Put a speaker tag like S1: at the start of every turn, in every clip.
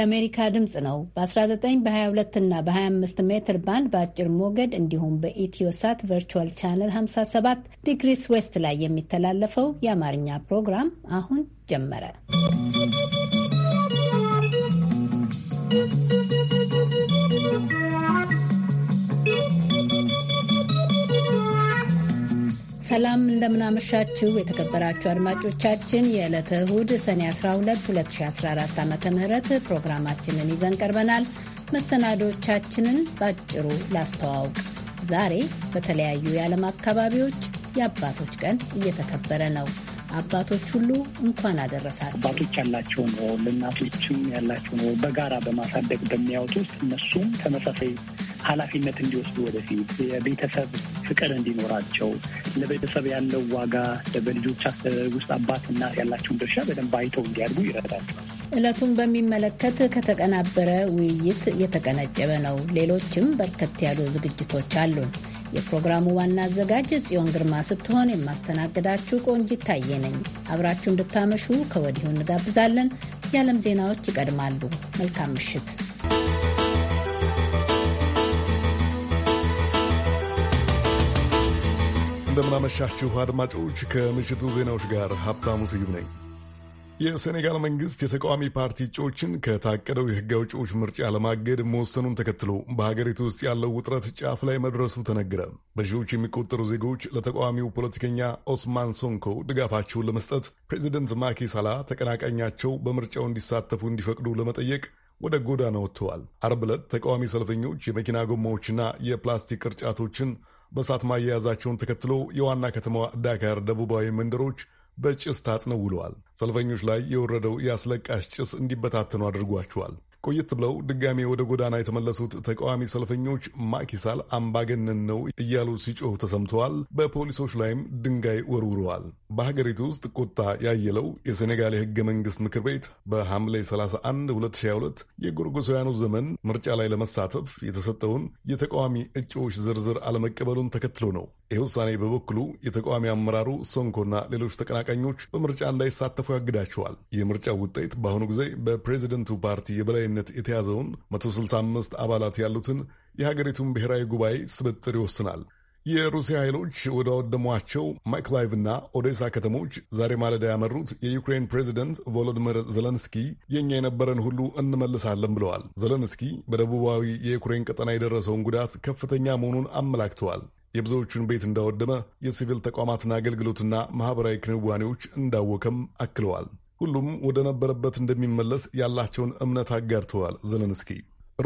S1: የአሜሪካ ድምፅ ነው። በ19 በ22 እና በ25 ሜትር ባንድ በአጭር ሞገድ እንዲሁም በኢትዮሳት ቨርቹዋል ቻነል 57 ዲግሪስ ዌስት ላይ የሚተላለፈው የአማርኛ ፕሮግራም አሁን ጀመረ። ሰላም እንደምናመሻችው የተከበራችሁ አድማጮቻችን የዕለተ እሁድ ሰኔ 12 2014 ዓ ም ፕሮግራማችንን ይዘን ቀርበናል። መሰናዶቻችንን ባጭሩ ላስተዋውቅ። ዛሬ በተለያዩ የዓለም አካባቢዎች የአባቶች ቀን እየተከበረ ነው። አባቶች ሁሉ እንኳን አደረሳል።
S2: አባቶች ያላቸውን ሮል፣ እናቶችም ያላቸውን ሮል በጋራ በማሳደግ በሚያወጡ ውስጥ እነሱም ተመሳሳይ ኃላፊነት እንዲወስዱ ወደፊት የቤተሰብ ፍቅር እንዲኖራቸው ለቤተሰብ ያለው ዋጋ በልጆች አስተዳደግ ውስጥ አባት እናት ያላቸውን ድርሻ በደንብ አይተው እንዲያድጉ ይረዳቸዋል።
S1: እለቱን በሚመለከት ከተቀናበረ ውይይት የተቀነጨበ ነው። ሌሎችም በርከት ያሉ ዝግጅቶች አሉን። የፕሮግራሙ ዋና አዘጋጅ ጽዮን ግርማ ስትሆን የማስተናግዳችሁ ቆንጅ ታየ ነኝ። አብራችሁ እንድታመሹ ከወዲሁ እንጋብዛለን። የዓለም ዜናዎች ይቀድማሉ። መልካም ምሽት።
S3: እንደምናመሻችሁ አድማጮች፣ ከምሽቱ ዜናዎች ጋር ሀብታሙ ስዩም ነኝ። የሴኔጋል መንግስት የተቃዋሚ ፓርቲ እጩዎችን ከታቀደው የህግ አውጪዎች ምርጫ ለማገድ መወሰኑን ተከትሎ በሀገሪቱ ውስጥ ያለው ውጥረት ጫፍ ላይ መድረሱ ተነገረ። በሺዎች የሚቆጠሩ ዜጎች ለተቃዋሚው ፖለቲከኛ ኦስማን ሶንኮ ድጋፋቸውን ለመስጠት ፕሬዚደንት ማኪ ሳላ ተቀናቃኛቸው በምርጫው እንዲሳተፉ እንዲፈቅዱ ለመጠየቅ ወደ ጎዳና ወጥተዋል። አርብ ዕለት ተቃዋሚ ሰልፈኞች የመኪና ጎማዎችና የፕላስቲክ ቅርጫቶችን በእሳት ማያያዛቸውን ተከትሎ የዋና ከተማዋ ዳካር ደቡባዊ መንደሮች በጭስ ታጥነው ውለዋል። ሰልፈኞች ላይ የወረደው የአስለቃሽ ጭስ እንዲበታተኑ አድርጓቸዋል። ቆየት ብለው ድጋሜ ወደ ጎዳና የተመለሱት ተቃዋሚ ሰልፈኞች ማኪሳል አምባገነን ነው እያሉ ሲጮሁ ተሰምተዋል። በፖሊሶች ላይም ድንጋይ ወርውረዋል። በሀገሪቱ ውስጥ ቁጣ ያየለው የሴኔጋል የህገ መንግስት ምክር ቤት በሐምሌ 31 2022 የጎርጎሳውያኑ ዘመን ምርጫ ላይ ለመሳተፍ የተሰጠውን የተቃዋሚ እጩዎች ዝርዝር አለመቀበሉን ተከትሎ ነው። ይህ ውሳኔ በበኩሉ የተቃዋሚ አመራሩ ሶንኮና ሌሎች ተቀናቃኞች በምርጫ እንዳይሳተፉ ያግዳቸዋል። የምርጫው ውጤት በአሁኑ ጊዜ በፕሬዚደንቱ ፓርቲ የበላይነት የተያዘውን 165 አባላት ያሉትን የሀገሪቱን ብሔራዊ ጉባኤ ስብጥር ይወስናል። የሩሲያ ኃይሎች ወደ አወደሟቸው ማይክላይቭ እና ኦዴሳ ከተሞች ዛሬ ማለዳ ያመሩት የዩክሬን ፕሬዚደንት ቮሎዲሚር ዘለንስኪ የእኛ የነበረን ሁሉ እንመልሳለን ብለዋል። ዘለንስኪ በደቡባዊ የዩክሬን ቀጠና የደረሰውን ጉዳት ከፍተኛ መሆኑን አመላክተዋል። የብዙዎቹን ቤት እንዳወደመ፣ የሲቪል ተቋማትን አገልግሎትና ማኅበራዊ ክንዋኔዎች እንዳወከም አክለዋል። ሁሉም ወደ ነበረበት እንደሚመለስ ያላቸውን እምነት አጋርተዋል ዘለንስኪ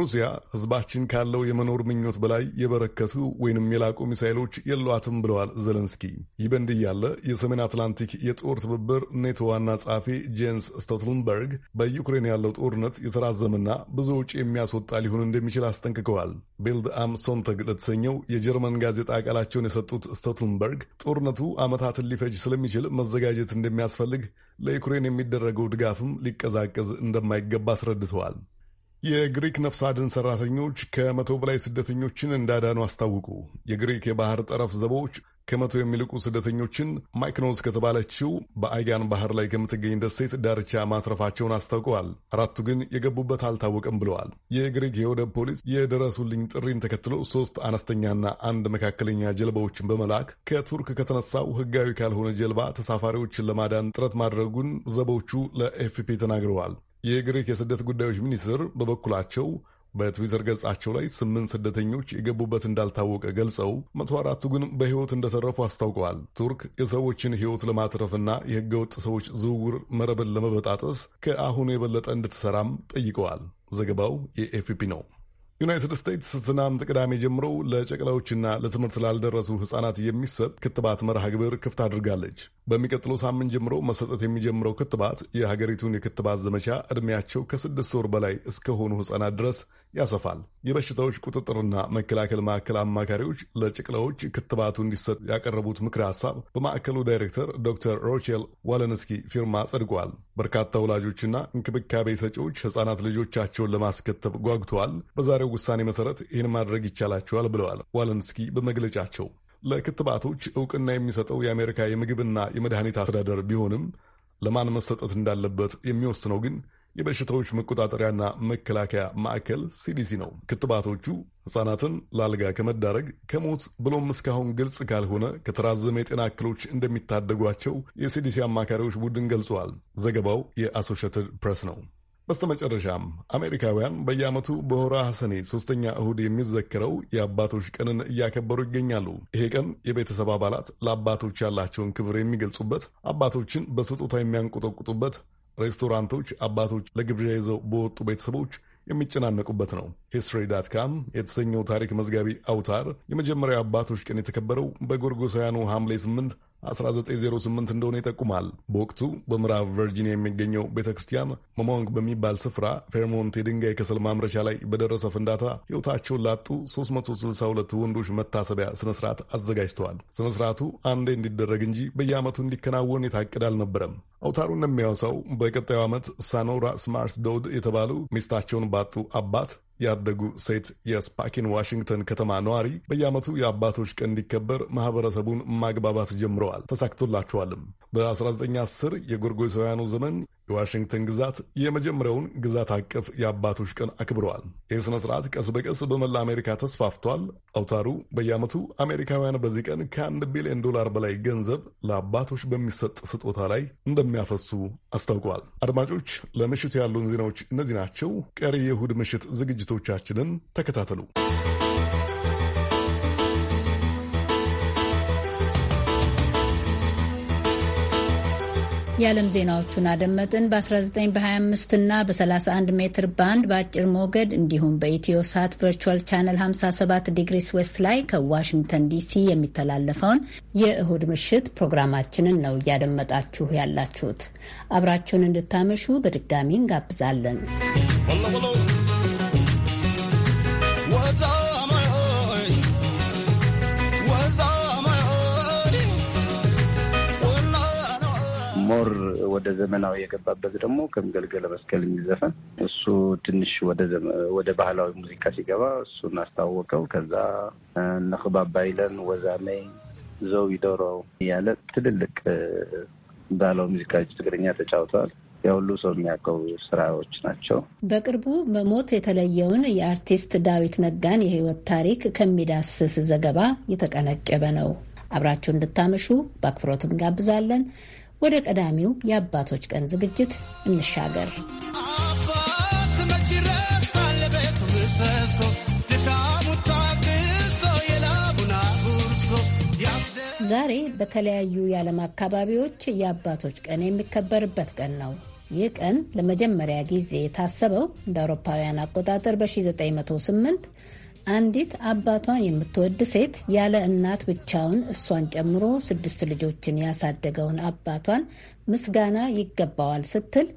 S3: ሩሲያ ህዝባችን ካለው የመኖር ምኞት በላይ የበረከቱ ወይንም የላቁ ሚሳይሎች የሏትም ብለዋል ዘለንስኪ። ይህ በእንዲህ ያለ የሰሜን አትላንቲክ የጦር ትብብር ኔቶ ዋና ጸሐፊ ጄንስ ስቶልተንበርግ በዩክሬን ያለው ጦርነት የተራዘመና ብዙ ውጪ የሚያስወጣ ሊሆን እንደሚችል አስጠንቅቀዋል። ቤልድ አም ሶንተግ ለተሰኘው የጀርመን ጋዜጣ ቃላቸውን የሰጡት ስቶልተንበርግ ጦርነቱ ዓመታትን ሊፈጅ ስለሚችል መዘጋጀት እንደሚያስፈልግ ለዩክሬን የሚደረገው ድጋፍም ሊቀዛቀዝ እንደማይገባ አስረድተዋል። የግሪክ ነፍስ አድን ሰራተኞች ከመቶ በላይ ስደተኞችን እንዳዳኑ አስታውቁ የግሪክ የባህር ጠረፍ ዘቦች ከመቶ የሚልቁ ስደተኞችን ማይክኖስ ከተባለችው በአይጋን ባህር ላይ ከምትገኝ ደሴት ዳርቻ ማስረፋቸውን አስታውቀዋል። አራቱ ግን የገቡበት አልታወቀም ብለዋል። የግሪክ የወደብ ፖሊስ የደረሱልኝ ጥሪን ተከትሎ ሶስት አነስተኛና አንድ መካከለኛ ጀልባዎችን በመላክ ከቱርክ ከተነሳው ሕጋዊ ካልሆነ ጀልባ ተሳፋሪዎችን ለማዳን ጥረት ማድረጉን ዘቦቹ ለኤፍፒ ተናግረዋል። የግሪክ የስደት ጉዳዮች ሚኒስትር በበኩላቸው በትዊተር ገጻቸው ላይ ስምንት ስደተኞች የገቡበት እንዳልታወቀ ገልጸው መቶ አራቱ ግን በሕይወት እንደተረፉ አስታውቀዋል። ቱርክ የሰዎችን ሕይወት ለማትረፍና ወጥ ሰዎች ዝውውር መረብን ለመበጣጠስ ከአሁኑ የበለጠ እንድትሰራም ጠይቀዋል። ዘገባው የኤፍፒ ነው። ዩናይትድ ስቴትስ ትናንት ቅዳሜ ጀምሮ ለጨቅላዎችና ለትምህርት ላልደረሱ ሕጻናት የሚሰጥ ክትባት መርሃ ግብር ክፍት አድርጋለች። በሚቀጥለው ሳምንት ጀምሮ መሰጠት የሚጀምረው ክትባት የሀገሪቱን የክትባት ዘመቻ ዕድሜያቸው ከስድስት ወር በላይ እስከሆኑ ሕጻናት ድረስ ያሰፋል። የበሽታዎች ቁጥጥርና መከላከል ማዕከል አማካሪዎች ለጨቅላዎች ክትባቱ እንዲሰጥ ያቀረቡት ምክረ ሀሳብ በማዕከሉ ዳይሬክተር ዶክተር ሮቼል ዋለንስኪ ፊርማ ጸድቋል። በርካታ ወላጆችና እንክብካቤ ሰጪዎች ህጻናት ልጆቻቸውን ለማስከተብ ጓጉተዋል። በዛሬው ውሳኔ መሰረት ይህን ማድረግ ይቻላቸዋል ብለዋል ዋለንስኪ በመግለጫቸው። ለክትባቶች እውቅና የሚሰጠው የአሜሪካ የምግብና የመድኃኒት አስተዳደር ቢሆንም ለማን መሰጠት እንዳለበት የሚወስነው ግን የበሽታዎች መቆጣጠሪያና መከላከያ ማዕከል ሲዲሲ ነው። ክትባቶቹ ሕፃናትን ለአልጋ ከመዳረግ ከሞት ብሎም እስካሁን ግልጽ ካልሆነ ከተራዘመ የጤና እክሎች እንደሚታደጓቸው የሲዲሲ አማካሪዎች ቡድን ገልጸዋል። ዘገባው የአሶሽትድ ፕሬስ ነው። በስተመጨረሻም አሜሪካውያን በየዓመቱ በወርሃ ሰኔ ሦስተኛ እሁድ የሚዘከረው የአባቶች ቀንን እያከበሩ ይገኛሉ። ይሄ ቀን የቤተሰብ አባላት ለአባቶች ያላቸውን ክብር የሚገልጹበት፣ አባቶችን በስጦታ የሚያንቆጠቁጡበት ሬስቶራንቶች አባቶች ለግብዣ ይዘው በወጡ ቤተሰቦች የሚጨናነቁበት ነው። ሂስትሪ ዳት ካም የተሰኘው ታሪክ መዝጋቢ አውታር የመጀመሪያው አባቶች ቀን የተከበረው በጎርጎሳውያኑ ሐምሌ 8 1908 እንደሆነ ይጠቁማል። በወቅቱ በምዕራብ ቨርጂኒያ የሚገኘው ቤተ ክርስቲያን መሞንግ በሚባል ስፍራ ፌርሞንት የድንጋይ ከሰል ማምረቻ ላይ በደረሰ ፍንዳታ ሕይወታቸውን ላጡ 362 ወንዶች መታሰቢያ ስነ ስርዓት አዘጋጅተዋል። ስነ ስርዓቱ አንዴ እንዲደረግ እንጂ በየዓመቱ እንዲከናወን የታቀደ አልነበረም። አውታሩ እንደሚያወሳው በቀጣዩ ዓመት ሳኖራ ስማርት ዶድ የተባሉ ሚስታቸውን ባጡ አባት ያደጉ ሴት የስፓኪን ዋሽንግተን ከተማ ነዋሪ በየዓመቱ የአባቶች ቀን እንዲከበር ማህበረሰቡን ማግባባት ጀምረዋል። ተሳክቶላቸዋልም። በ1910 የጎርጎሳውያኑ ዘመን የዋሽንግተን ግዛት የመጀመሪያውን ግዛት አቀፍ የአባቶች ቀን አክብረዋል። ይህ ስነ ሥርዓት ቀስ በቀስ በመላ አሜሪካ ተስፋፍቷል። አውታሩ በየዓመቱ አሜሪካውያን በዚህ ቀን ከአንድ ቢሊዮን ዶላር በላይ ገንዘብ ለአባቶች በሚሰጥ ስጦታ ላይ እንደሚያፈሱ አስታውቀዋል። አድማጮች፣ ለምሽቱ ያሉን ዜናዎች እነዚህ ናቸው። ቀሪ የእሁድ ምሽት ዝግጅቶቻችንን ተከታተሉ።
S1: የዓለም ዜናዎቹን አደመጥን። በ19 በ25 እና በ31 ሜትር ባንድ በአጭር ሞገድ እንዲሁም በኢትዮ ሳት ቨርቹዋል ቻነል 57 ዲግሪስ ዌስት ላይ ከዋሽንግተን ዲሲ የሚተላለፈውን የእሁድ ምሽት ፕሮግራማችንን ነው እያደመጣችሁ ያላችሁት። አብራችሁን እንድታመሹ በድጋሚ እንጋብዛለን።
S4: ሞር ወደ ዘመናዊ የገባበት ደግሞ ከምገልገለ መስቀል የሚዘፈን እሱ ትንሽ ወደ ባህላዊ ሙዚቃ ሲገባ እሱን አስታወቀው። ከዛ ነክባባይለን ወዛሜ ዘው ይደረው እያለ ትልልቅ ባህላዊ ሙዚቃዎች ትግርኛ ተጫውተዋል። የሁሉ ሰው የሚያውቀው ስራዎች
S1: ናቸው። በቅርቡ በሞት የተለየውን የአርቲስት ዳዊት ነጋን የህይወት ታሪክ ከሚዳስስ ዘገባ የተቀነጨበ ነው። አብራችሁ እንድታመሹ በአክብሮት እንጋብዛለን። ወደ ቀዳሚው የአባቶች ቀን ዝግጅት እንሻገር። ዛሬ በተለያዩ የዓለም አካባቢዎች የአባቶች ቀን የሚከበርበት ቀን ነው። ይህ ቀን ለመጀመሪያ ጊዜ የታሰበው እንደ አውሮፓውያን አቆጣጠር በ1908 አንዲት አባቷን የምትወድ ሴት ያለ እናት ብቻውን እሷን ጨምሮ ስድስት ልጆችን ያሳደገውን አባቷን ምስጋና ይገባዋል ስትል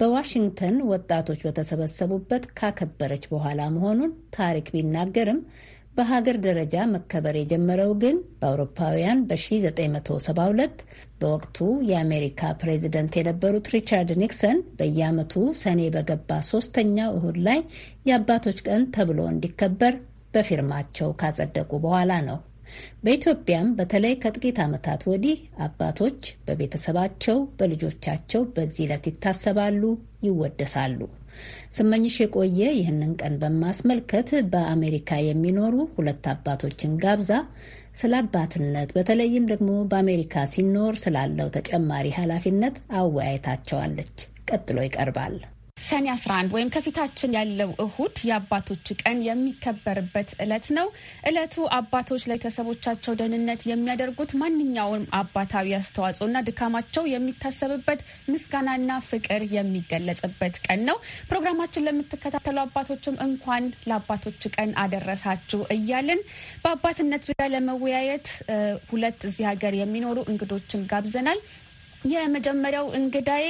S1: በዋሽንግተን ወጣቶች በተሰበሰቡበት ካከበረች በኋላ መሆኑን ታሪክ ቢናገርም በሀገር ደረጃ መከበር የጀመረው ግን በአውሮፓውያን በ1972 በወቅቱ የአሜሪካ ፕሬዚደንት የነበሩት ሪቻርድ ኒክሰን በየዓመቱ ሰኔ በገባ ሶስተኛው እሁድ ላይ የአባቶች ቀን ተብሎ እንዲከበር በፊርማቸው ካጸደቁ በኋላ ነው። በኢትዮጵያም በተለይ ከጥቂት ዓመታት ወዲህ አባቶች በቤተሰባቸው በልጆቻቸው በዚህ ዕለት ይታሰባሉ፣ ይወደሳሉ። ስመኝሽ የቆየ ይህንን ቀን በማስመልከት በአሜሪካ የሚኖሩ ሁለት አባቶችን ጋብዛ ስለ አባትነት በተለይም ደግሞ በአሜሪካ ሲኖር ስላለው ተጨማሪ ኃላፊነት አወያይታቸዋለች። ቀጥሎ ይቀርባል።
S5: ሰኔ 11 ወይም ከፊታችን ያለው እሁድ የአባቶች ቀን የሚከበርበት እለት ነው። እለቱ አባቶች ለቤተሰቦቻቸው ደህንነት የሚያደርጉት ማንኛውም አባታዊ አስተዋጽኦና ድካማቸው የሚታሰብበት ምስጋናና ፍቅር የሚገለጽበት ቀን ነው። ፕሮግራማችን ለምትከታተሉ አባቶችም እንኳን ለአባቶች ቀን አደረሳችሁ እያልን በአባትነት ዙሪያ ለመወያየት ሁለት እዚህ ሀገር የሚኖሩ እንግዶችን ጋብዘናል። የመጀመሪያው እንግዳዬ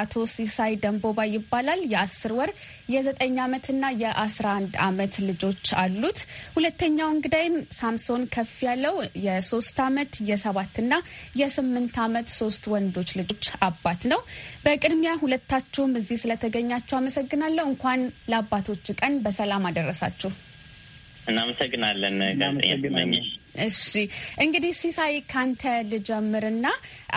S5: አቶ ሲሳይ ደንቦባ ይባላል። የአስር ወር የዘጠኝ ዓመትና የአስራ አንድ ዓመት ልጆች አሉት። ሁለተኛው እንግዳይም ሳምሶን ከፍ ያለው የሶስት ዓመት የሰባትና የስምንት ዓመት ሶስት ወንዶች ልጆች አባት ነው። በቅድሚያ ሁለታችሁም እዚህ ስለተገኛችሁ አመሰግናለሁ። እንኳን ለአባቶች ቀን በሰላም አደረሳችሁ።
S6: እናመሰግናለን ጋዜጠኛ
S5: እሺ እንግዲህ ሲሳይ ካንተ ልጀምርና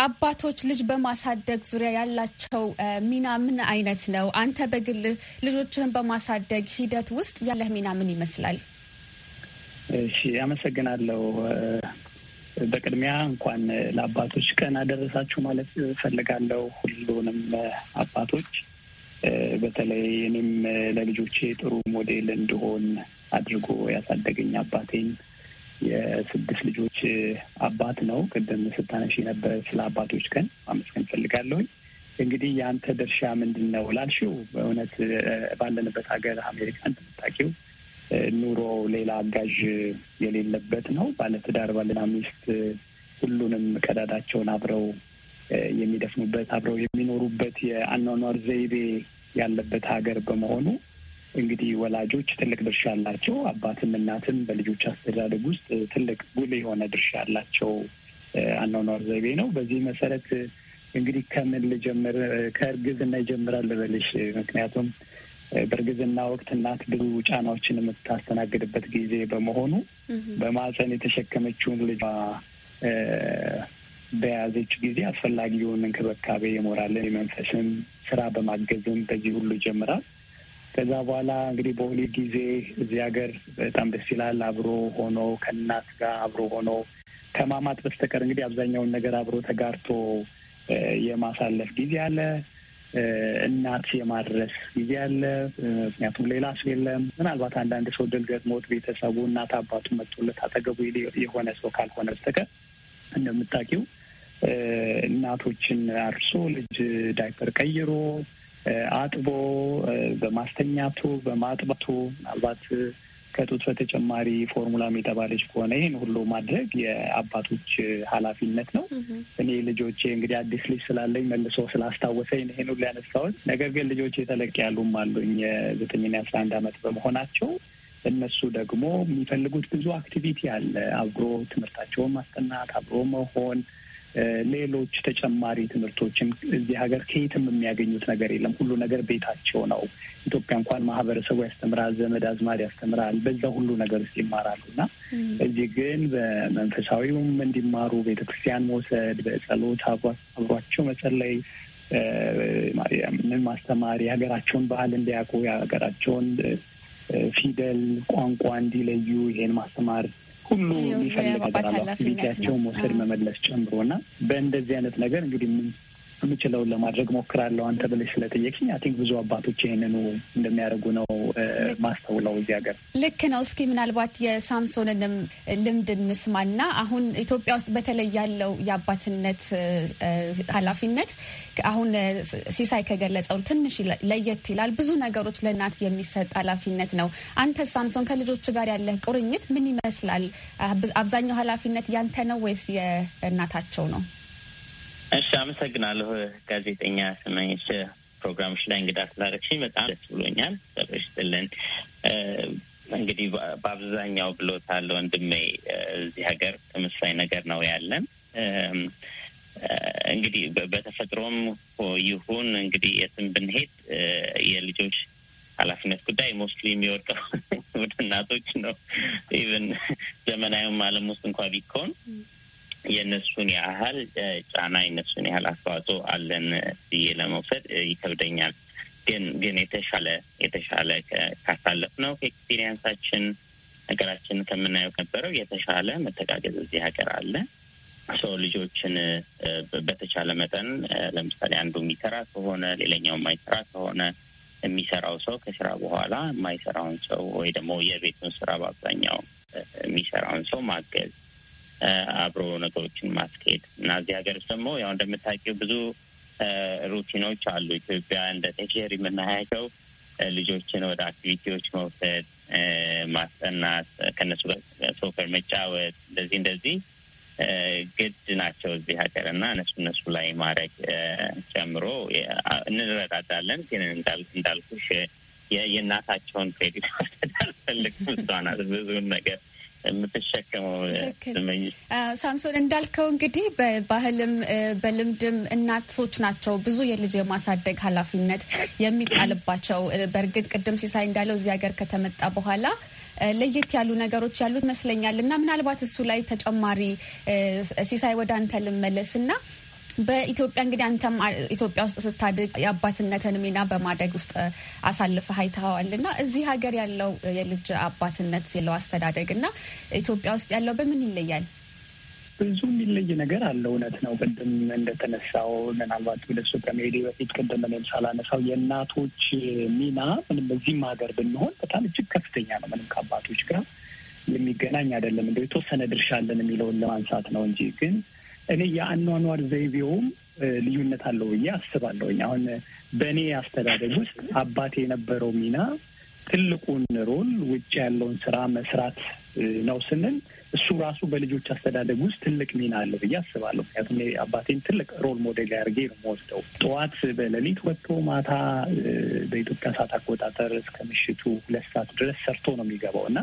S5: አባቶች ልጅ በማሳደግ ዙሪያ ያላቸው ሚና ምን አይነት ነው? አንተ በግል ልጆችህን በማሳደግ ሂደት ውስጥ ያለህ ሚና ምን ይመስላል?
S2: እሺ አመሰግናለሁ። በቅድሚያ እንኳን ለአባቶች ቀን አደረሳችሁ ማለት ፈልጋለው ሁሉንም አባቶች በተለይ እኔም ለልጆቼ ጥሩ ሞዴል እንድሆን አድርጎ ያሳደገኝ አባቴን የስድስት ልጆች አባት ነው። ቅድም ስታነሽ ነበር ስለ አባቶች ቀን አመስገን ፈልጋለሁኝ። እንግዲህ የአንተ ድርሻ ምንድን ነው ላልሽው፣ በእውነት ባለንበት ሀገር አሜሪካን ተመጣቂው ኑሮ ሌላ አጋዥ የሌለበት ነው። ባለትዳር ባልና ሚስት ሁሉንም ቀዳዳቸውን አብረው የሚደፍኑበት አብረው የሚኖሩበት የአኗኗር ዘይቤ ያለበት ሀገር በመሆኑ እንግዲህ ወላጆች ትልቅ ድርሻ አላቸው። አባትም እናትም በልጆች አስተዳደግ ውስጥ ትልቅ ጉልህ የሆነ ድርሻ ያላቸው አኗኗር ዘይቤ ነው። በዚህ መሰረት እንግዲህ ከምን ልጀምር? ከእርግዝና ይጀምራል ልበልሽ። ምክንያቱም በእርግዝና ወቅት እናት ብዙ ጫናዎችን የምታስተናግድበት ጊዜ በመሆኑ በማህፀን የተሸከመችውን ልጇ በያዘች ጊዜ አስፈላጊውን እንክብካቤ የሞራልን፣ የመንፈስን ስራ በማገዝም በዚህ ሁሉ ይጀምራል። ከዛ በኋላ እንግዲህ በሆሊድ ጊዜ እዚህ ሀገር በጣም ደስ ይላል። አብሮ ሆኖ ከእናት ጋር አብሮ ሆኖ ከማማጥ በስተቀር እንግዲህ አብዛኛውን ነገር አብሮ ተጋርቶ የማሳለፍ ጊዜ አለ። እናት የማድረስ ጊዜ አለ። ምክንያቱም ሌላ ሰው የለም። ምናልባት አንዳንድ ሰው ድል ገጥሞት ቤተሰቡ እናት አባቱ መጥቶለት አጠገቡ የሆነ ሰው ካልሆነ በስተቀር እንደምታውቂው እናቶችን አርሶ ልጅ ዳይፐር ቀይሮ አጥቦ በማስተኛቱ በማጥባቱ ምናልባት ከጡት በተጨማሪ ፎርሙላም የጠባለች ከሆነ ይህን ሁሉ ማድረግ የአባቶች ኃላፊነት ነው። እኔ ልጆቼ እንግዲህ አዲስ ልጅ ስላለኝ መልሶ ስላስታወሰኝ ይህን ሁሉ ያነሳሁት። ነገር ግን ልጆቼ ተለቅ ያሉም አሉኝ የዘጠኝና የአስራ አንድ አመት በመሆናቸው እነሱ ደግሞ የሚፈልጉት ብዙ አክቲቪቲ አለ። አብሮ ትምህርታቸውን ማስጠናት፣ አብሮ መሆን ሌሎች ተጨማሪ ትምህርቶችን እዚህ ሀገር ከየትም የሚያገኙት ነገር የለም። ሁሉ ነገር ቤታቸው ነው። ኢትዮጵያ እንኳን ማህበረሰቡ ያስተምራል፣ ዘመድ አዝማድ ያስተምራል፣ በዛ ሁሉ ነገር ውስጥ ይማራሉ እና እዚህ ግን በመንፈሳዊውም እንዲማሩ ቤተክርስቲያን መውሰድ፣ በጸሎት አብሯቸው መጸለይ ምን ማስተማር የሀገራቸውን ባህል እንዲያውቁ የሀገራቸውን ፊደል ቋንቋ እንዲለዩ ይሄን ማስተማር ሁሉ የሚፈልግ ነገር አለ አክቲቪቲያቸው መውሰድ መመለስ ጨምሮ እና በእንደዚህ አይነት ነገር እንግዲህ የምችለውን ለማድረግ ሞክራለሁ። አንተ ብለሽ ስለጠየቅኝ አይ ቲንክ ብዙ አባቶች ይህንኑ እንደሚያደርጉ ነው ማስተውለው እዚህ ሀገር።
S5: ልክ ነው። እስኪ ምናልባት የሳምሶንንም ልምድ እንስማና አሁን ኢትዮጵያ ውስጥ በተለይ ያለው የአባትነት ኃላፊነት አሁን ሲሳይ ከገለጸው ትንሽ ለየት ይላል። ብዙ ነገሮች ለእናት የሚሰጥ ኃላፊነት ነው። አንተ ሳምሶን ከልጆች ጋር ያለህ ቁርኝት ምን ይመስላል? አብዛኛው ኃላፊነት ያንተ ነው ወይስ የእናታቸው ነው?
S6: እሺ፣ አመሰግናለሁ ጋዜጠኛ ስመኝሽ ፕሮግራሞች ላይ እንግዳ ስላደረግሽኝ በጣም ደስ ብሎኛል። ጠርሽትልን እንግዲህ በአብዛኛው ብሎታል ወንድሜ፣ እዚህ ሀገር ተመሳሳይ ነገር ነው ያለን። እንግዲህ በተፈጥሮም ይሁን እንግዲህ የትም ብንሄድ የልጆች ኃላፊነት ጉዳይ ሞስትሊ የሚወድቀው ወደ እናቶች ነው። ኢቨን ዘመናዊም ዓለም ውስጥ እንኳ ቢኮን የእነሱን ያህል ጫና የእነሱን ያህል አስተዋጽኦ አለን ብዬ ለመውሰድ ይከብደኛል። ግን ግን የተሻለ የተሻለ ካሳለፍ ነው ከኤክስፒሪየንሳችን ሀገራችን ከምናየው ከነበረው የተሻለ መተጋገዝ እዚህ ሀገር አለ። ሰው ልጆችን በተቻለ መጠን ለምሳሌ አንዱ የሚሰራ ከሆነ ሌላኛው የማይሰራ ከሆነ የሚሰራው ሰው ከስራ በኋላ የማይሰራውን ሰው ወይ ደግሞ የቤቱን ስራ በአብዛኛው የሚሰራውን ሰው ማገዝ አብሮ ነገሮችን ማስኬድ እና እዚህ ሀገር ደግሞ ያው እንደምታውቂው ብዙ ሩቲኖች አሉ። ኢትዮጵያ እንደ ቴክሪ የምናያቸው ልጆችን ወደ አክቲቪቲዎች መውሰድ፣ ማስጠናት፣ ከነሱ ጋር ሶከር መጫወት እንደዚህ እንደዚህ ግድ ናቸው እዚህ ሀገር እና እነሱ እነሱ ላይ ማድረግ ጨምሮ እንረዳዳለን። ግን እንዳልኩሽ የእናታቸውን ክሬዲት አልፈልግም። እሷ ናት ብዙውን ነገር የምትሸከመው
S5: ሳምሶን እንዳልከው እንግዲህ በባህልም በልምድም እናቶች ናቸው ብዙ የልጅ የማሳደግ ኃላፊነት የሚጣልባቸው። በእርግጥ ቅድም ሲሳይ እንዳለው እዚህ ሀገር ከተመጣ በኋላ ለየት ያሉ ነገሮች ያሉት ይመስለኛል እና ምናልባት እሱ ላይ ተጨማሪ ሲሳይ ወደ አንተ ልመለስ እና በኢትዮጵያ እንግዲህ አንተም ኢትዮጵያ ውስጥ ስታድግ የአባትነትን ሚና በማደግ ውስጥ አሳልፈህ አይተኸዋል እና እዚህ ሀገር ያለው የልጅ አባትነት የለው አስተዳደግ እና ኢትዮጵያ ውስጥ ያለው በምን ይለያል?
S2: ብዙ የሚለይ ነገር አለ። እውነት ነው። ቅድም እንደተነሳው ምናልባት ወደ እሱ ከመሄዴ በፊት ቅድም እኔም ሳላነሳው የእናቶች ሚና ምንም በዚህም ሀገር ብንሆን በጣም እጅግ ከፍተኛ ነው። ምንም ከአባቶች ጋር የሚገናኝ አይደለም። እንደው የተወሰነ ድርሻ አለን የሚለውን ለማንሳት ነው እንጂ ግን እኔ የአኗኗር ዘይቤውም ልዩነት አለው ብዬ አስባለሁኝ። አሁን በእኔ አስተዳደግ ውስጥ አባቴ የነበረው ሚና ትልቁን ሮል ውጭ ያለውን ስራ መስራት ነው ስንል እሱ ራሱ በልጆች አስተዳደግ ውስጥ ትልቅ ሚና አለው ብዬ አስባለሁ። ምክንያቱም አባቴን ትልቅ ሮል ሞዴል አድርጌ ነው የምወስደው። ጠዋት በሌሊት ወጥቶ ማታ በኢትዮጵያ ሰዓት አቆጣጠር እስከ ምሽቱ ሁለት ሰዓት ድረስ ሰርቶ ነው የሚገባው እና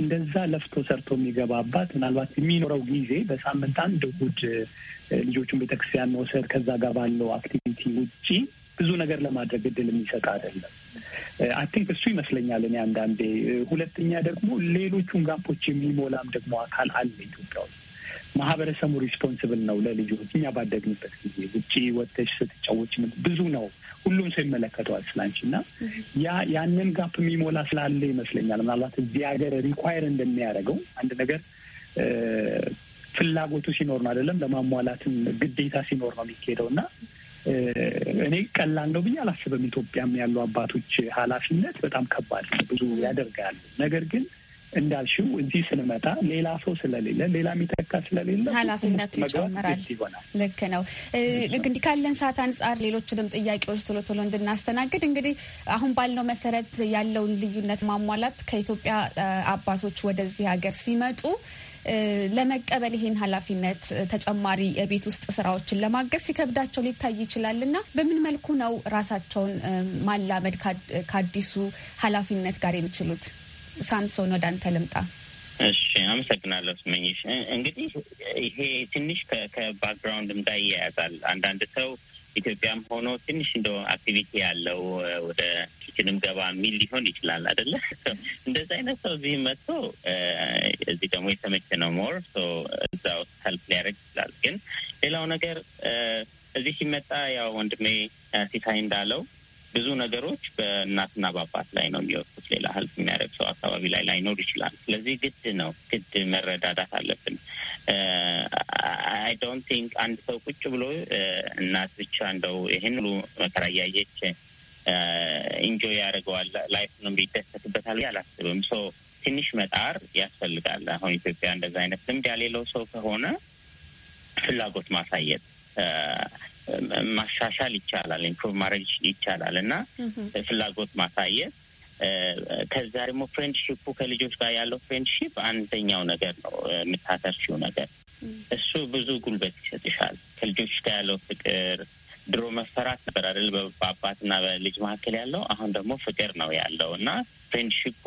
S2: እንደዛ ለፍቶ ሰርቶ የሚገባ አባት ምናልባት የሚኖረው ጊዜ በሳምንት አንድ እሑድ ልጆቹን ቤተክርስቲያን መውሰድ ከዛ ጋር ባለው አክቲቪቲ ውጪ ብዙ ነገር ለማድረግ እድል የሚሰጥ አይደለም። አይ ቲንክ እሱ ይመስለኛል እኔ አንዳንዴ። ሁለተኛ ደግሞ ሌሎቹን ጋፖች የሚሞላም ደግሞ አካል አለ ኢትዮጵያ ውስጥ። ማህበረሰቡ ሪስፖንስብል ነው ለልጆች። እኛ ባደግንበት ጊዜ ውጭ ወጥተሽ ስትጫወች ብዙ ነው ሁሉም ሰው ይመለከተዋል ስላንቺ እና ያ ያንን ጋፕ የሚሞላ ስላለ ይመስለኛል ምናልባት እዚህ ሀገር ሪኳየር እንደሚያደርገው አንድ ነገር ፍላጎቱ ሲኖር ነው አይደለም፣ ለማሟላትም ግዴታ ሲኖር ነው የሚካሄደው እና እኔ ቀላል ነው ብዬ አላስብም። ኢትዮጵያም ያሉ አባቶች ኃላፊነት በጣም ከባድ ብዙ ያደርጋሉ። ነገር ግን እንዳልሽው እዚህ ስንመጣ ሌላ ሰው ስለሌለ ሌላ የሚተካ ስለሌለ ኃላፊነቱ ይጨምራል።
S5: ልክ ነው። እንግዲህ ካለን ሰዓት አንጻር ሌሎችንም ጥያቄዎች ቶሎ ቶሎ እንድናስተናግድ እንግዲህ አሁን ባልነው መሰረት ያለውን ልዩነት ማሟላት ከኢትዮጵያ አባቶች ወደዚህ ሀገር ሲመጡ ለመቀበል ይህን ኃላፊነት ተጨማሪ የቤት ውስጥ ስራዎችን ለማገዝ ሲከብዳቸው ሊታይ ይችላል እና በምን መልኩ ነው ራሳቸውን ማላመድ ከአዲሱ ኃላፊነት ጋር የሚችሉት? ሳምሶን ወደ አንተ ልምጣ።
S6: እሺ አመሰግናለሁ ስመኝሽ። እንግዲህ ይሄ ትንሽ ከባክግራውንድም ጋር ይያያዛል። አንዳንድ ሰው ኢትዮጵያም ሆኖ ትንሽ እንደ አክቲቪቲ ያለው ወደ ኪችንም ገባ የሚል ሊሆን ይችላል አይደለ? እንደዚ አይነት ሰው እዚህ መጥቶ እዚህ ደግሞ የተመቸ ነው ሞር እዛ ውስጥ ሀልፕ ሊያደርግ ይችላል። ግን ሌላው ነገር እዚህ ሲመጣ ያው ወንድሜ ሲታይ እንዳለው ብዙ ነገሮች በእናትና በአባት ላይ ነው የሚወጡት። ሌላ ህልፍ የሚያደርግ ሰው አካባቢ ላይ ላይኖር ይችላል። ስለዚህ ግድ ነው ግድ መረዳዳት አለብን። አይ ዶንት ቲንክ አንድ ሰው ቁጭ ብሎ እናት ብቻ እንደው ይህን ሁሉ መከራ እያየች ኢንጆይ ያደርገዋል ላይፍ ነው የሚደሰትበታል አላስብም። ሶ ትንሽ መጣር ያስፈልጋል። አሁን ኢትዮጵያ እንደዛ አይነት ልምድ ያሌለው ሰው ከሆነ ፍላጎት ማሳየት ማሻሻል ይቻላል፣ ኢምፕሩቭ ማድረግ ይቻላል እና ፍላጎት ማሳየት ከዛ ደግሞ ፍሬንድሺፑ ከልጆች ጋር ያለው ፍሬንድሺፕ አንደኛው ነገር ነው። የምታተርፊው ነገር እሱ ብዙ ጉልበት ይሰጥሻል። ከልጆች ጋር ያለው ፍቅር ድሮ መፈራት ነበር አይደል? በአባትና በልጅ መካከል ያለው አሁን ደግሞ ፍቅር ነው ያለው እና ፍሬንድሺፑ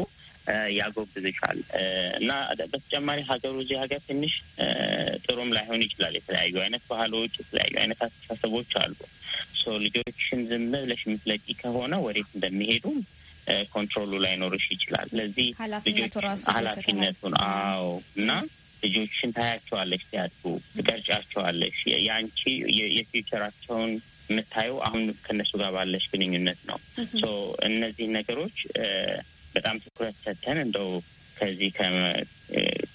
S6: ያጎብዝሻል እና በተጨማሪ ሀገሩ እዚህ ሀገር ትንሽ ጥሩም ላይሆን ይችላል። የተለያዩ አይነት ባህሎች፣ የተለያዩ አይነት አስተሳሰቦች አሉ። ሶ ልጆችን ዝም ብለሽ የምትለቂ ከሆነ ወዴት እንደሚሄዱ ኮንትሮሉ ላይኖርሽ ይችላል። ስለዚህ ልጆች ኃላፊነቱን አዎ እና ልጆችን ታያቸዋለች ሲያድጉ ትቀርጫቸዋለች። የአንቺ የፊውቸራቸውን የምታየው አሁን ከነሱ ጋር ባለች ግንኙነት ነው። እነዚህ ነገሮች በጣም ትኩረት ሰጥተን እንደው ከዚህ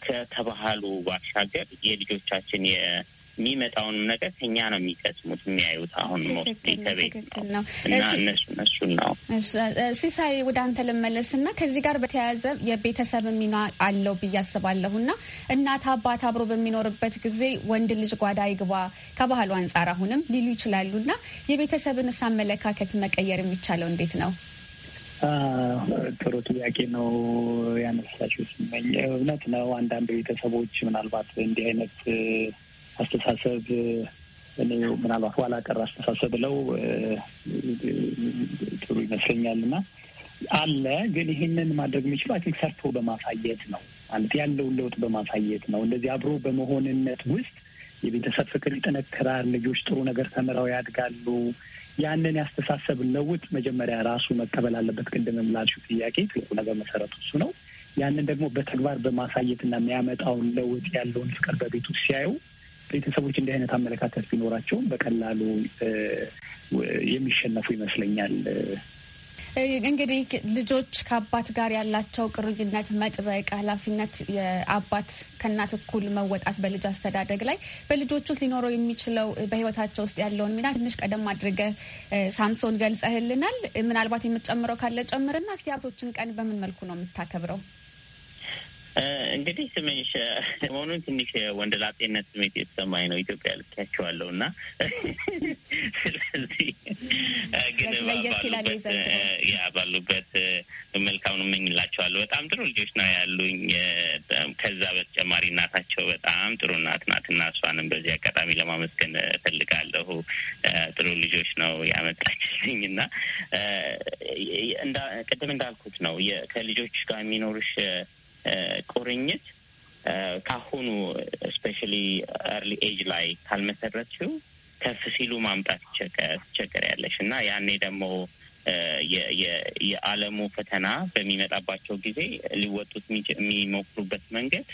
S6: ከተባህሉ ባሻገር የልጆቻችን የሚመጣውን ነገር ከኛ ነው የሚቀስሙት የሚያዩት። አሁን ሞስሊ ከቤት
S5: ነው እና እነሱ እነሱን ነው። ሲሳይ ወደ አንተ ልመለስ እና ከዚህ ጋር በተያያዘ የቤተሰብ ሚና አለው ብዬ አስባለሁ እና እናት አባት አብሮ በሚኖርበት ጊዜ ወንድ ልጅ ጓዳ ይግባ ከባህሉ አንጻር አሁንም ሊሉ ይችላሉ እና የቤተሰብን አመለካከት መቀየር የሚቻለው እንዴት ነው?
S2: ጥሩ ጥያቄ ነው ያነሳችው ስመኝ። እውነት ነው። አንዳንድ ቤተሰቦች ምናልባት እንዲህ አይነት አስተሳሰብ ምናልባት ኋላ ቀር አስተሳሰብ ብለው ጥሩ ይመስለኛል እና አለ ግን ይህንን ማድረግ የሚችሉ አይ ቲንክ ሰርቶ በማሳየት ነው ማለት ያለውን ለውጥ በማሳየት ነው። እንደዚህ አብሮ በመሆንነት ውስጥ የቤተሰብ ፍቅር ይጠነክራል። ልጆች ጥሩ ነገር ተምረው ያድጋሉ። ያንን ያስተሳሰብ ለውጥ መጀመሪያ ራሱ መቀበል አለበት። ቅድም ላልሽው ጥያቄ ትልቁ ነገር መሰረቱ እሱ ነው። ያንን ደግሞ በተግባር በማሳየትና የሚያመጣውን ለውጥ ያለውን ፍቅር በቤቱ ሲያዩ ቤተሰቦች እንዲህ አይነት አመለካከት ቢኖራቸውም በቀላሉ የሚሸነፉ ይመስለኛል
S5: እንግዲህ ልጆች ከአባት ጋር ያላቸው ቅርኝነት መጥበቅ ኃላፊነት የአባት ከእናት እኩል መወጣት በልጅ አስተዳደግ ላይ በልጆች ውስጥ ሊኖረው የሚችለው በህይወታቸው ውስጥ ያለውን ሚና ትንሽ ቀደም አድርገ ሳምሶን ገልጸህልናል። ምናልባት የምትጨምረው ካለ ጨምርና እስቲ አባቶችን ቀን በምን መልኩ ነው የምታከብረው?
S6: እንግዲህ ስምሽ ሰሞኑን ትንሽ ወንድ ላጤነት ስሜት የተሰማኝ ነው። ኢትዮጵያ ልኪያቸዋለሁ እና ስለዚህ ግን ያ ባሉበት መልካሙን እመኝላቸዋለሁ። በጣም ጥሩ ልጆች ነው ያሉኝ። ከዛ በተጨማሪ እናታቸው በጣም ጥሩ እናት ናት እና እሷንም በዚህ አጋጣሚ ለማመስገን እፈልጋለሁ። ጥሩ ልጆች ነው ያመጣችልኝ እና ቅድም እንዳልኩት ነው ከልጆች ጋር የሚኖርሽ ቁርኝት ካሁኑ ስፔሻሊ ኤርሊ ኤጅ ላይ ካልመሰረችው ከፍ ሲሉ ማምጣት ትቸገር ያለሽ እና ያኔ ደግሞ የዓለሙ ፈተና በሚመጣባቸው ጊዜ ሊወጡት የሚሞክሩበት መንገድ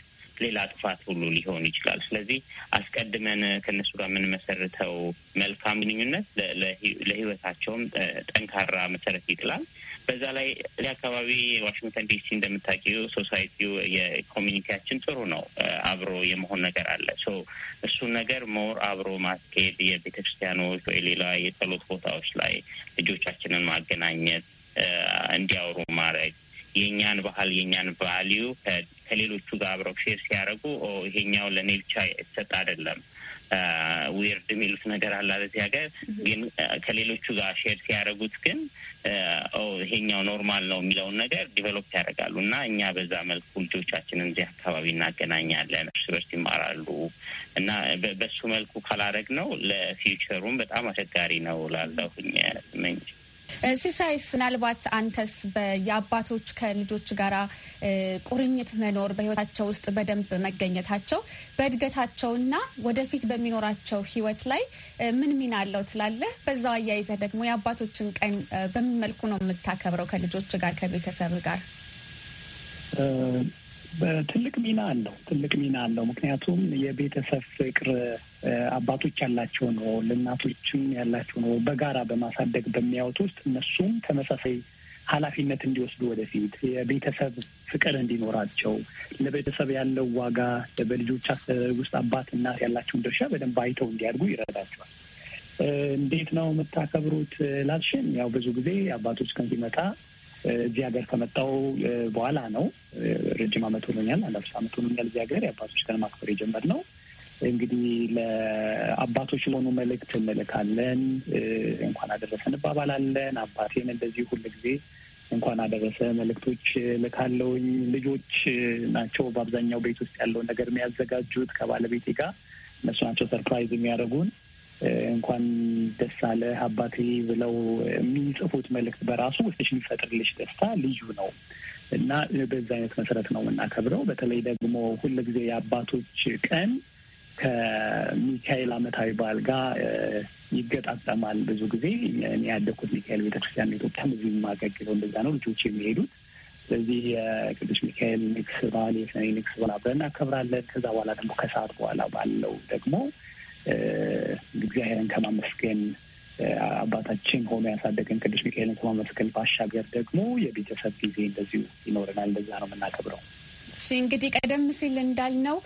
S6: ሌላ ጥፋት ሁሉ ሊሆን ይችላል። ስለዚህ አስቀድመን ከእነሱ ጋር የምንመሰርተው መልካም ግንኙነት ለህይወታቸውም ጠንካራ መሰረት ይጥላል። በዛ ላይ አካባቢ ዋሽንግተን ዲሲ እንደምታውቂው ሶሳይቲው የኮሚኒቲያችን ጥሩ ነው። አብሮ የመሆን ነገር አለ። ሶ እሱን ነገር ሞር አብሮ ማስኬድ የቤተክርስቲያኖች ወይ ሌላ የጸሎት ቦታዎች ላይ ልጆቻችንን ማገናኘት፣ እንዲያወሩ ማድረግ የእኛን ባህል የእኛን ቫሊዩ ከሌሎቹ ጋር አብረው ሼር ሲያደርጉ ይሄኛው ለእኔ ብቻ ይሰጥ አይደለም ዊርድ የሚሉት ነገር አለ በዚህ ሀገር። ግን ከሌሎቹ ጋር ሼር ሲያደርጉት ግን ይሄኛው ኖርማል ነው የሚለውን ነገር ዲቨሎፕ ያደርጋሉ እና እኛ በዛ መልኩ ልጆቻችንን እዚህ አካባቢ እናገናኛለን፣ እርስ በርስ ይማራሉ እና በሱ መልኩ ካላደረግ ነው ለፊውቸሩም በጣም አስቸጋሪ ነው ላለሁኝ ስመኝ
S5: ሲሳይስ ምናልባት አንተስ የአባቶች ከልጆች ጋራ ቁርኝት መኖር በህይወታቸው ውስጥ በደንብ መገኘታቸው በእድገታቸውና ወደፊት በሚኖራቸው ህይወት ላይ ምን ሚና አለው ትላለህ? በዛው አያይዘህ ደግሞ የአባቶችን ቀን በምን መልኩ ነው የምታከብረው ከልጆች ጋር ከቤተሰብ ጋር?
S2: ትልቅ ሚና አለው። ትልቅ ሚና አለው። ምክንያቱም የቤተሰብ ፍቅር አባቶች ያላቸው ነው፣ እናቶችም ያላቸው ነው። በጋራ በማሳደግ በሚያወጡ ውስጥ እነሱም ተመሳሳይ ኃላፊነት እንዲወስዱ ወደፊት የቤተሰብ ፍቅር እንዲኖራቸው ለቤተሰብ ያለው ዋጋ በልጆች አስተዳደግ ውስጥ አባት እናት ያላቸውን ድርሻ በደንብ አይተው እንዲያድጉ ይረዳቸዋል። እንዴት ነው የምታከብሩት ላልሽን፣ ያው ብዙ ጊዜ አባቶች ቀን ሲመጣ እዚህ ሀገር ከመጣው በኋላ ነው። ረጅም አመት ሆኖኛል። አንድ አስር አመት ሆኖኛል እዚህ ሀገር የአባቶች ቀን ማክበር የጀመርነው። እንግዲህ ለአባቶች ለሆኑ መልእክት እንልካለን። እንኳን አደረሰን እንባባላለን። አባቴን እንደዚህ ሁል ጊዜ እንኳን አደረሰ መልእክቶች ልካለውኝ። ልጆች ናቸው በአብዛኛው ቤት ውስጥ ያለውን ነገር የሚያዘጋጁት ከባለቤቴ ጋር እነሱ ናቸው ሰርፕራይዝ የሚያደርጉን። እንኳን ደስ አለ አባቴ ብለው የሚጽፉት መልእክት በራሱ ውስጥሽ የሚፈጥርልሽ ደስታ ልዩ ነው እና በዛ አይነት መሰረት ነው የምናከብረው። በተለይ ደግሞ ጊዜ የአባቶች ቀን ከሚካኤል ዓመታዊ በዓል ጋር ይገጣጠማል። ብዙ ጊዜ እኔ ያደግኩት ሚካኤል ቤተክርስቲያን ኢትዮጵያ እዚህ የማገግለው እንደዛ ነው ልጆች የሚሄዱት። ስለዚህ የቅዱስ ሚካኤል ንግስ በዓል፣ የሰኔ ንግስ በዓል አብረን እናከብራለን። ከዛ በኋላ ደግሞ ከሰዓት በኋላ ባለው ደግሞ እግዚአብሔርን ከማመስገን አባታችን ሆኖ ያሳደገን ቅዱስ ሚካኤልን ከማመስገን ባሻገር ደግሞ የቤተሰብ ጊዜ እንደዚሁ ይኖረናል። እንደዛ ነው የምናከብረው።
S5: እሺ እንግዲህ ቀደም ሲል እንዳልነው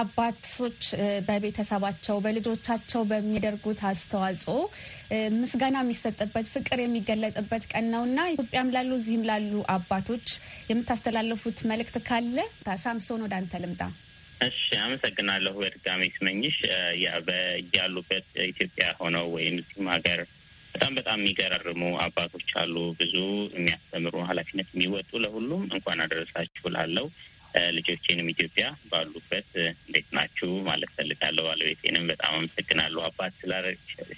S5: አባቶች በቤተሰባቸው በልጆቻቸው በሚያደርጉት አስተዋጽኦ ምስጋና የሚሰጥበት ፍቅር የሚገለጽበት ቀን ነውና ኢትዮጵያም ላሉ እዚህም ላሉ አባቶች የምታስተላለፉት መልእክት ካለ ሳምሶን ወደ አንተ ልምጣ።
S6: እሺ አመሰግናለሁ። በድጋሚ ስመኝሽ ያሉበት ኢትዮጵያ ሆነው ወይም እዚህም ሀገር በጣም በጣም የሚገረርሙ አባቶች አሉ። ብዙ የሚያስተምሩ ኃላፊነት የሚወጡ ለሁሉም እንኳን አደረሳችሁ ላለው ልጆቼንም ኢትዮጵያ ባሉበት እንዴት ናችሁ ማለት ፈልጋለሁ። ባለቤቴንም በጣም አመሰግናለሁ አባት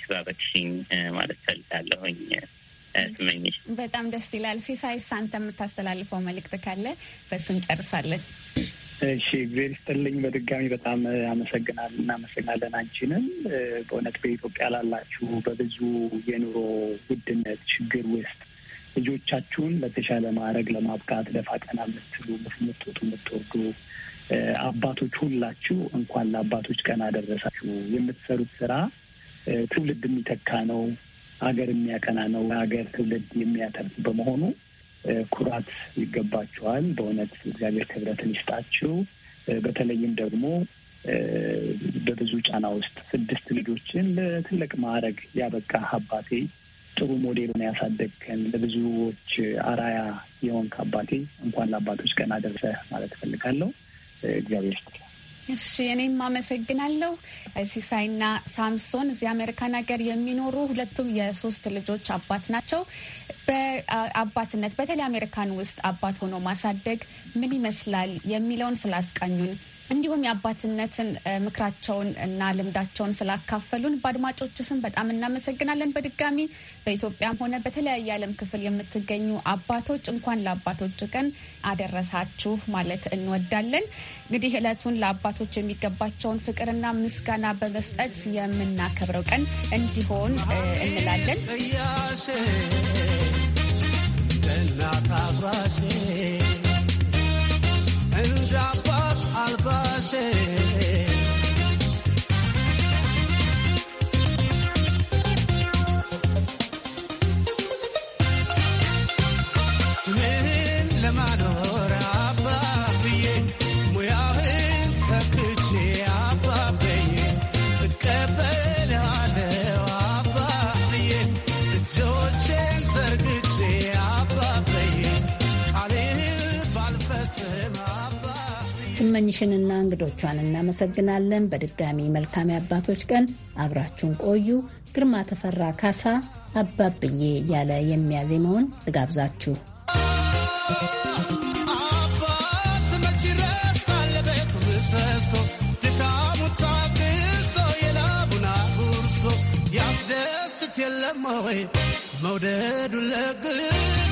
S6: ስላረችኝ ማለት ፈልጋለሁኝ። ስመኝሽ።
S5: በጣም ደስ ይላል። ሲሳይ አንተ የምታስተላልፈው መልእክት ካለ በእሱ እንጨርሳለን።
S2: እሺ፣ እግዜር ይስጥልኝ በድጋሚ በጣም አመሰግናል እናመሰግናለን አንቺንም። በእውነት በኢትዮጵያ ላላችሁ በብዙ የኑሮ ውድነት ችግር ውስጥ ልጆቻችሁን በተሻለ ማዕረግ ለማብቃት ደፋ ቀና የምትሉ ምትወጡ የምትወርዱ አባቶች ሁላችሁ እንኳን ለአባቶች ቀን አደረሳችሁ። የምትሰሩት ስራ ትውልድ የሚተካ ነው። ሀገር የሚያቀና ነው፣ ሀገር ትውልድ የሚያተርፍ በመሆኑ ኩራት ይገባችኋል። በእውነት እግዚአብሔር ክብረትን ይስጣችሁ። በተለይም ደግሞ በብዙ ጫና ውስጥ ስድስት ልጆችን ለትልቅ ማዕረግ ያበቃ አባቴ፣ ጥሩ ሞዴሉን ያሳደግከን፣ ለብዙዎች አራያ የሆንክ አባቴ እንኳን ለአባቶች ቀን አደረሰ ማለት እፈልጋለሁ። እግዚአብሔር
S5: እሺ እኔም አመሰግናለሁ ሲሳይና ሳምሶን እዚህ አሜሪካን ሀገር የሚኖሩ ሁለቱም የሶስት ልጆች አባት ናቸው። በአባትነት በተለይ አሜሪካን ውስጥ አባት ሆኖ ማሳደግ ምን ይመስላል የሚለውን ስላስቃኙን እንዲሁም የአባትነትን ምክራቸውን እና ልምዳቸውን ስላካፈሉን በአድማጮች ስም በጣም እናመሰግናለን። በድጋሚ በኢትዮጵያም ሆነ በተለያየ ዓለም ክፍል የምትገኙ አባቶች እንኳን ለአባቶች ቀን አደረሳችሁ ማለት እንወዳለን። እንግዲህ እለቱን ለአባቶች የሚገባቸውን ፍቅርና ምስጋና በመስጠት የምናከብረው ቀን እንዲሆን እንላለን።
S1: ስመኝሽንና እንግዶቿን እናመሰግናለን። በድጋሚ መልካሚ አባቶች ቀን። አብራችሁን ቆዩ። ግርማ ተፈራ ካሳ አባብዬ እያለ የሚያዜመውን ልጋብዛችሁ።
S7: የለም ወይ መውደዱ ለብስ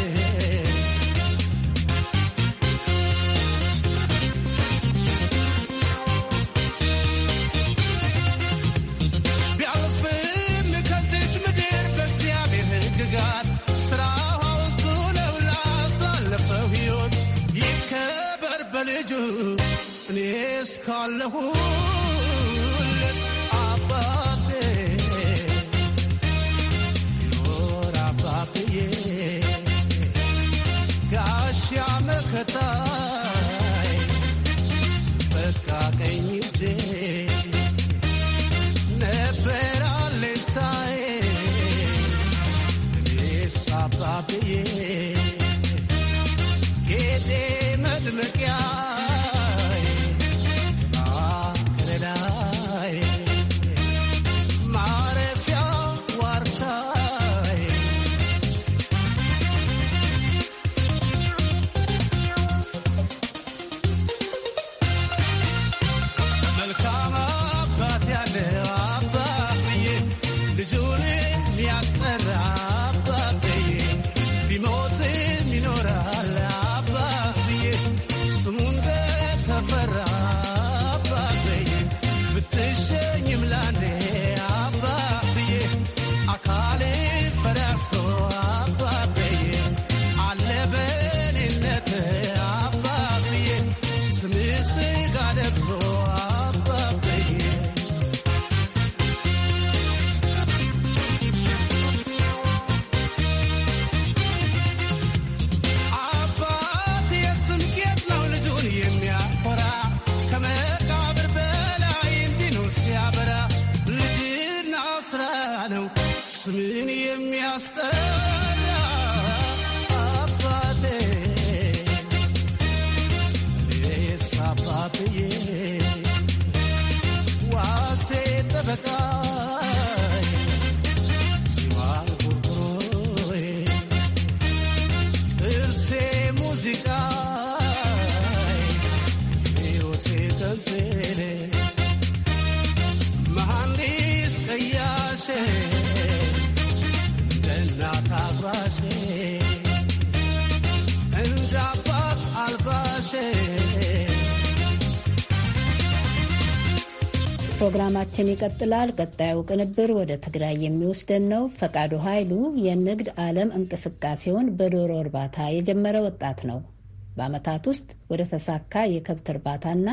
S7: በልጁ እኔ እስካለሁ
S1: ፕሮግራማችን ይቀጥላል። ቀጣዩ ቅንብር ወደ ትግራይ የሚወስደን ነው። ፈቃዱ ኃይሉ የንግድ ዓለም እንቅስቃሴውን በዶሮ እርባታ የጀመረ ወጣት ነው። በዓመታት ውስጥ ወደ ተሳካ የከብት እርባታና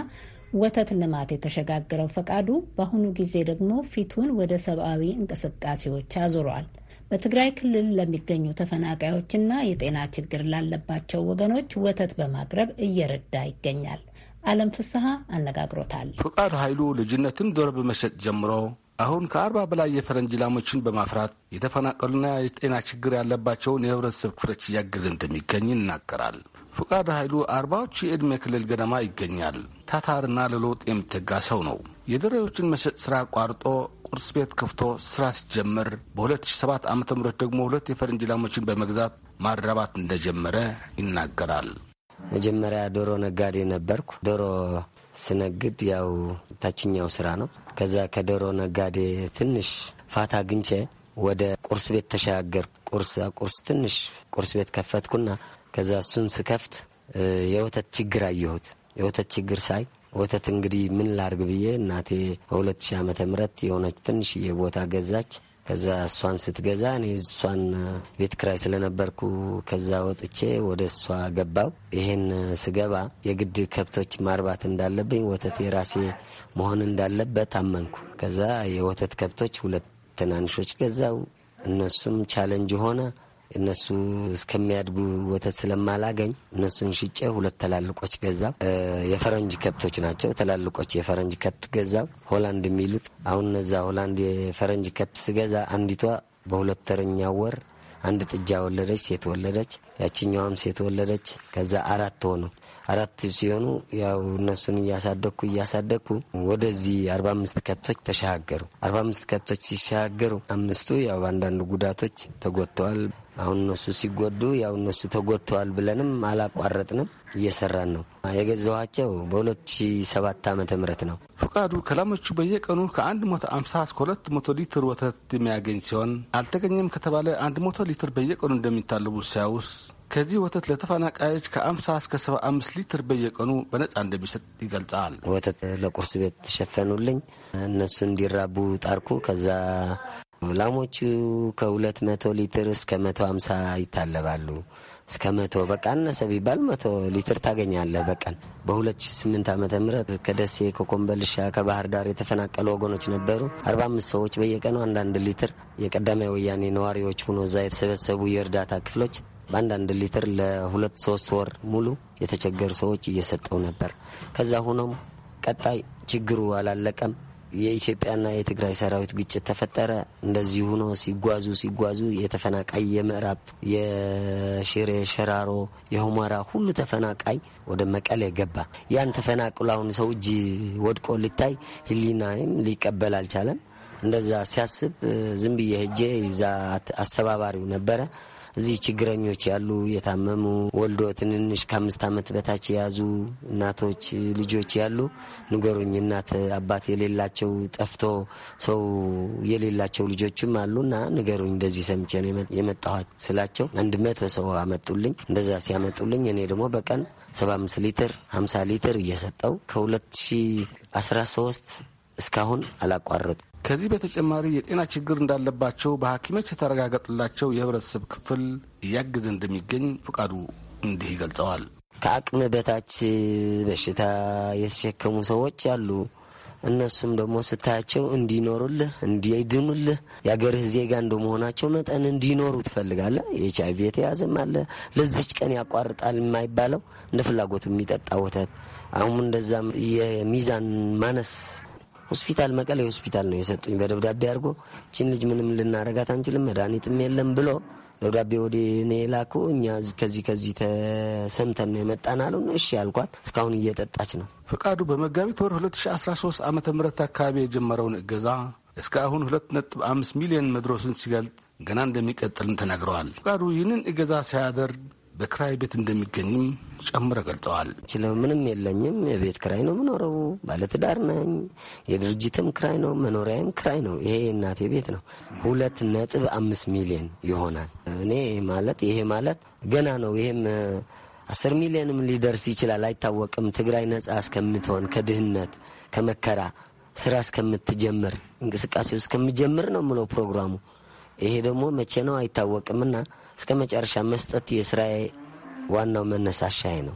S1: ወተት ልማት የተሸጋገረው ፈቃዱ በአሁኑ ጊዜ ደግሞ ፊቱን ወደ ሰብአዊ እንቅስቃሴዎች አዙሯል። በትግራይ ክልል ለሚገኙ ተፈናቃዮችና የጤና ችግር ላለባቸው ወገኖች ወተት በማቅረብ እየረዳ ይገኛል። አለም ፍስሐ አነጋግሮታል።
S8: ፍቃድ ኃይሉ ልጅነትን ዶሮ በመሸጥ ጀምሮ አሁን ከአርባ በላይ የፈረንጅ ላሞችን በማፍራት የተፈናቀሉና የጤና ችግር ያለባቸውን የህብረተሰብ ክፍሎች እያገዘ እንደሚገኝ ይናገራል። ፍቃድ ኃይሉ አርባዎቹ የዕድሜ ክልል ገደማ ይገኛል። ታታርና ለለውጥ የሚተጋ ሰው ነው። የድሬዎችን መሸጥ ስራ አቋርጦ ቁርስ ቤት ከፍቶ ስራ ሲጀምር በ2007 ዓ ም ደግሞ ሁለት የፈረንጅ ላሞችን በመግዛት ማራባት እንደጀመረ
S9: ይናገራል። መጀመሪያ ዶሮ ነጋዴ ነበርኩ። ዶሮ ስነግድ ያው ታችኛው ስራ ነው። ከዛ ከዶሮ ነጋዴ ትንሽ ፋታ አግኝቼ ወደ ቁርስ ቤት ተሻገርኩ። ቁርስ ቁርስ ትንሽ ቁርስ ቤት ከፈትኩና ከዛ እሱን ስከፍት የወተት ችግር አየሁት። የወተት ችግር ሳይ ወተት እንግዲህ ምን ላርግ ብዬ እናቴ በ2000 ዓመተ ምህረት የሆነች ትንሽዬ ቦታ ገዛች። ከዛ እሷን ስትገዛ እኔ እሷን ቤት ክራይ ስለነበርኩ ከዛ ወጥቼ ወደ እሷ ገባው። ይህን ስገባ የግድ ከብቶች ማርባት እንዳለብኝ ወተት የራሴ መሆን እንዳለበት አመንኩ። ከዛ የወተት ከብቶች ሁለት ትናንሾች ገዛው። እነሱም ቻለንጅ ሆነ። እነሱ እስከሚያድጉ ወተት ስለማላገኝ እነሱን ሽጬ ሁለት ትላልቆች ገዛው። የፈረንጅ ከብቶች ናቸው። ትላልቆች የፈረንጅ ከብት ገዛው፣ ሆላንድ የሚሉት አሁን እነዛ ሆላንድ የፈረንጅ ከብት ስገዛ አንዲቷ በሁለተኛ ወር አንድ ጥጃ ወለደች፣ ሴት ወለደች። ያችኛዋም ሴት ወለደች። ከዛ አራት ሆኑ። አራት ሲሆኑ ያው እነሱን እያሳደግኩ እያሳደግኩ ወደዚህ አርባ አምስት ከብቶች ተሻገሩ አርባ አምስት ከብቶች ሲሻገሩ አምስቱ ያው በአንዳንድ ጉዳቶች ተጎድተዋል። አሁን እነሱ ሲጎዱ ያው እነሱ ተጎድተዋል ብለንም አላቋረጥንም፣ እየሰራን ነው። የገዛኋቸው በ2007 ዓ ም ነው።
S8: ፈቃዱ ከላሞቹ በየቀኑ ከ150 እስከ 200 ሊትር ወተት የሚያገኝ ሲሆን አልተገኘም ከተባለ 100 ሊትር በየቀኑ እንደሚታለቡ ሲያውስ ከዚህ ወተት ለተፈናቃዮች ከ50 እስከ 75 ሊትር በየቀኑ በነጻ እንደሚሰጥ ይገልጻል።
S9: ወተት ለቁርስ ቤት ተሸፈኑልኝ እነሱ እንዲራቡ ጣርኩ። ከዛ ላሞቹ ከሁለት መቶ ሊትር እስከ መቶ ሀምሳ ይታለባሉ። እስከ መቶ በቃ አነሰ ቢባል መቶ ሊትር ታገኛለህ በቀን። በ2008 ዓመተ ከደሴ ከኮምበልሻ ከባህር ዳር የተፈናቀሉ ወገኖች ነበሩ። 45 ሰዎች በየቀኑ አንዳንድ ሊትር የቀዳማዊ ወያኔ ነዋሪዎች ሆኖ እዛ የተሰበሰቡ የእርዳታ ክፍሎች በአንዳንድ ሊትር ለሁለት ሶስት ወር ሙሉ የተቸገሩ ሰዎች እየሰጠው ነበር። ከዛ ሆኖም ቀጣይ ችግሩ አላለቀም። የኢትዮጵያና የትግራይ ሰራዊት ግጭት ተፈጠረ። እንደዚህ ሆኖ ሲጓዙ ሲጓዙ የተፈናቃይ የምዕራብ የሽሬ ሽራሮ፣ የሁመራ ሁሉ ተፈናቃይ ወደ መቀሌ ገባ። ያን ተፈናቅሎ አሁን ሰው እጅ ወድቆ ልታይ ህሊናም ሊቀበል አልቻለም። እንደዛ ሲያስብ ዝም ብዬ ሄጄ ይዛ አስተባባሪው ነበረ እዚህ ችግረኞች ያሉ የታመሙ ወልዶ ትንንሽ ከአምስት ዓመት በታች የያዙ እናቶች ልጆች ያሉ ንገሩኝ። እናት አባት የሌላቸው ጠፍቶ ሰው የሌላቸው ልጆችም እና ንገሩኝ፣ እንደዚህ ሰምቼ ነው የመጣኋት ስላቸው አንድ መቶ ሰው አመጡልኝ። እንደዛ ሲያመጡልኝ እኔ ደግሞ በቀን ሰባ ሊትር ሀምሳ ሊትር እየሰጠው ከሁለት ሺ አስራ ሶስት እስካሁን አላቋረጡ ከዚህ
S8: በተጨማሪ የጤና ችግር እንዳለባቸው በሐኪሞች የተረጋገጠላቸው የህብረተሰብ ክፍል እያገዘ እንደሚገኝ ፍቃዱ እንዲህ ይገልጸዋል።
S9: ከአቅም በታች በሽታ የተሸከሙ ሰዎች አሉ። እነሱም ደግሞ ስታያቸው እንዲኖሩልህ እንዲድኑልህ የአገርህ ዜጋ እንደመሆናቸው መጠን እንዲኖሩ ትፈልጋለህ። የኤች አይቪ የተያዘም አለ። ለዚች ቀን ያቋርጣል የማይባለው እንደ ፍላጎት የሚጠጣ ወተት አሁን እንደዛም የሚዛን ማነስ ሆስፒታል መቀሌ ሆስፒታል ነው የሰጡኝ በደብዳቤ አድርጎ ችን ልጅ ምንም ልናረጋት አንችልም፣ መድኃኒትም የለም ብሎ ደብዳቤ ወደ እኔ ላኩ። እኛ ከዚህ ከዚህ ተሰምተን ነው የመጣን አሉ። እሺ ያልኳት እስካሁን እየጠጣች ነው። ፈቃዱ በመጋቢት ወር 2013 ዓ ም አካባቢ የጀመረውን እገዛ
S8: እስከ አሁን 2.5 ሚሊዮን መድሮስን ሲገልጥ ገና እንደሚቀጥልም ተናግረዋል። ፈቃዱ ይህንን እገዛ ሲያደርግ በክራይ ቤት
S9: እንደሚገኝም ጨምረ ገልጸዋል። ችለው ምንም የለኝም፣ የቤት ክራይ ነው የምኖረው፣ ባለትዳር ነኝ፣ የድርጅትም ክራይ ነው፣ መኖሪያም ክራይ ነው። ይሄ እናቴ ቤት ነው። ሁለት ነጥብ አምስት ሚሊዮን ይሆናል። እኔ ማለት ይሄ ማለት ገና ነው። ይሄም አስር ሚሊዮንም ሊደርስ ይችላል፣ አይታወቅም። ትግራይ ነጻ እስከምትሆን ከድህነት ከመከራ ስራ እስከምትጀምር እንቅስቃሴው እስከምጀምር ነው ምለው ፕሮግራሙ። ይሄ ደግሞ መቼ ነው አይታወቅምና እስከ መጨረሻ መስጠት የስራዬ ዋናው መነሳሻዬ ነው።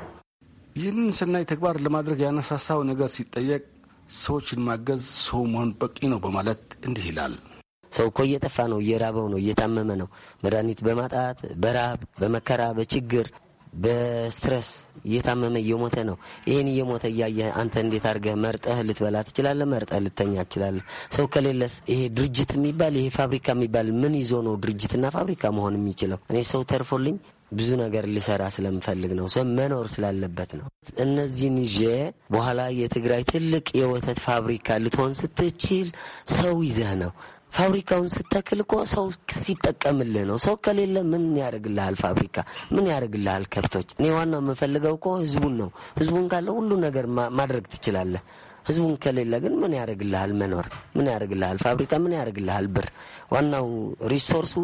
S8: ይህንን ሰናይ ተግባር ለማድረግ ያነሳሳው ነገር ሲጠየቅ
S9: ሰዎችን ማገዝ ሰው መሆን በቂ ነው በማለት እንዲህ ይላል። ሰው እኮ እየጠፋ ነው፣ እየራበው ነው፣ እየታመመ ነው። መድኃኒት በማጣት በራብ በመከራ በችግር በስትረስ እየታመመ እየሞተ ነው። ይህን እየሞተ እያየ አንተ እንዴት አድርገህ መርጠህ ልትበላ ትችላለህ? መርጠህ ልተኛ ትችላለህ? ሰው ከሌለስ ይሄ ድርጅት የሚባል ይሄ ፋብሪካ የሚባል ምን ይዞ ነው ድርጅትና ፋብሪካ መሆን የሚችለው? እኔ ሰው ተርፎልኝ ብዙ ነገር ሊሰራ ስለምፈልግ ነው። ሰው መኖር ስላለበት ነው። እነዚህን ይዤ በኋላ የትግራይ ትልቅ የወተት ፋብሪካ ልትሆን ስትችል ሰው ይዘህ ነው ፋብሪካውን ስተክል እኮ ሰው ሲጠቀምልህ ነው። ሰው ከሌለ ምን ያደርግልሃል? ፋብሪካ ምን ያደርግልሃል? ከብቶች። እኔ ዋናው የምፈልገው እኮ ህዝቡን ነው። ህዝቡን ካለ ሁሉ ነገር ማድረግ ትችላለህ። ህዝቡን ከሌለ ግን ምን ያደርግልሃል? መኖር ምን ያደርግልሃል? ፋብሪካ ምን ያደርግልሃል? ብር። ዋናው ሪሶርሱ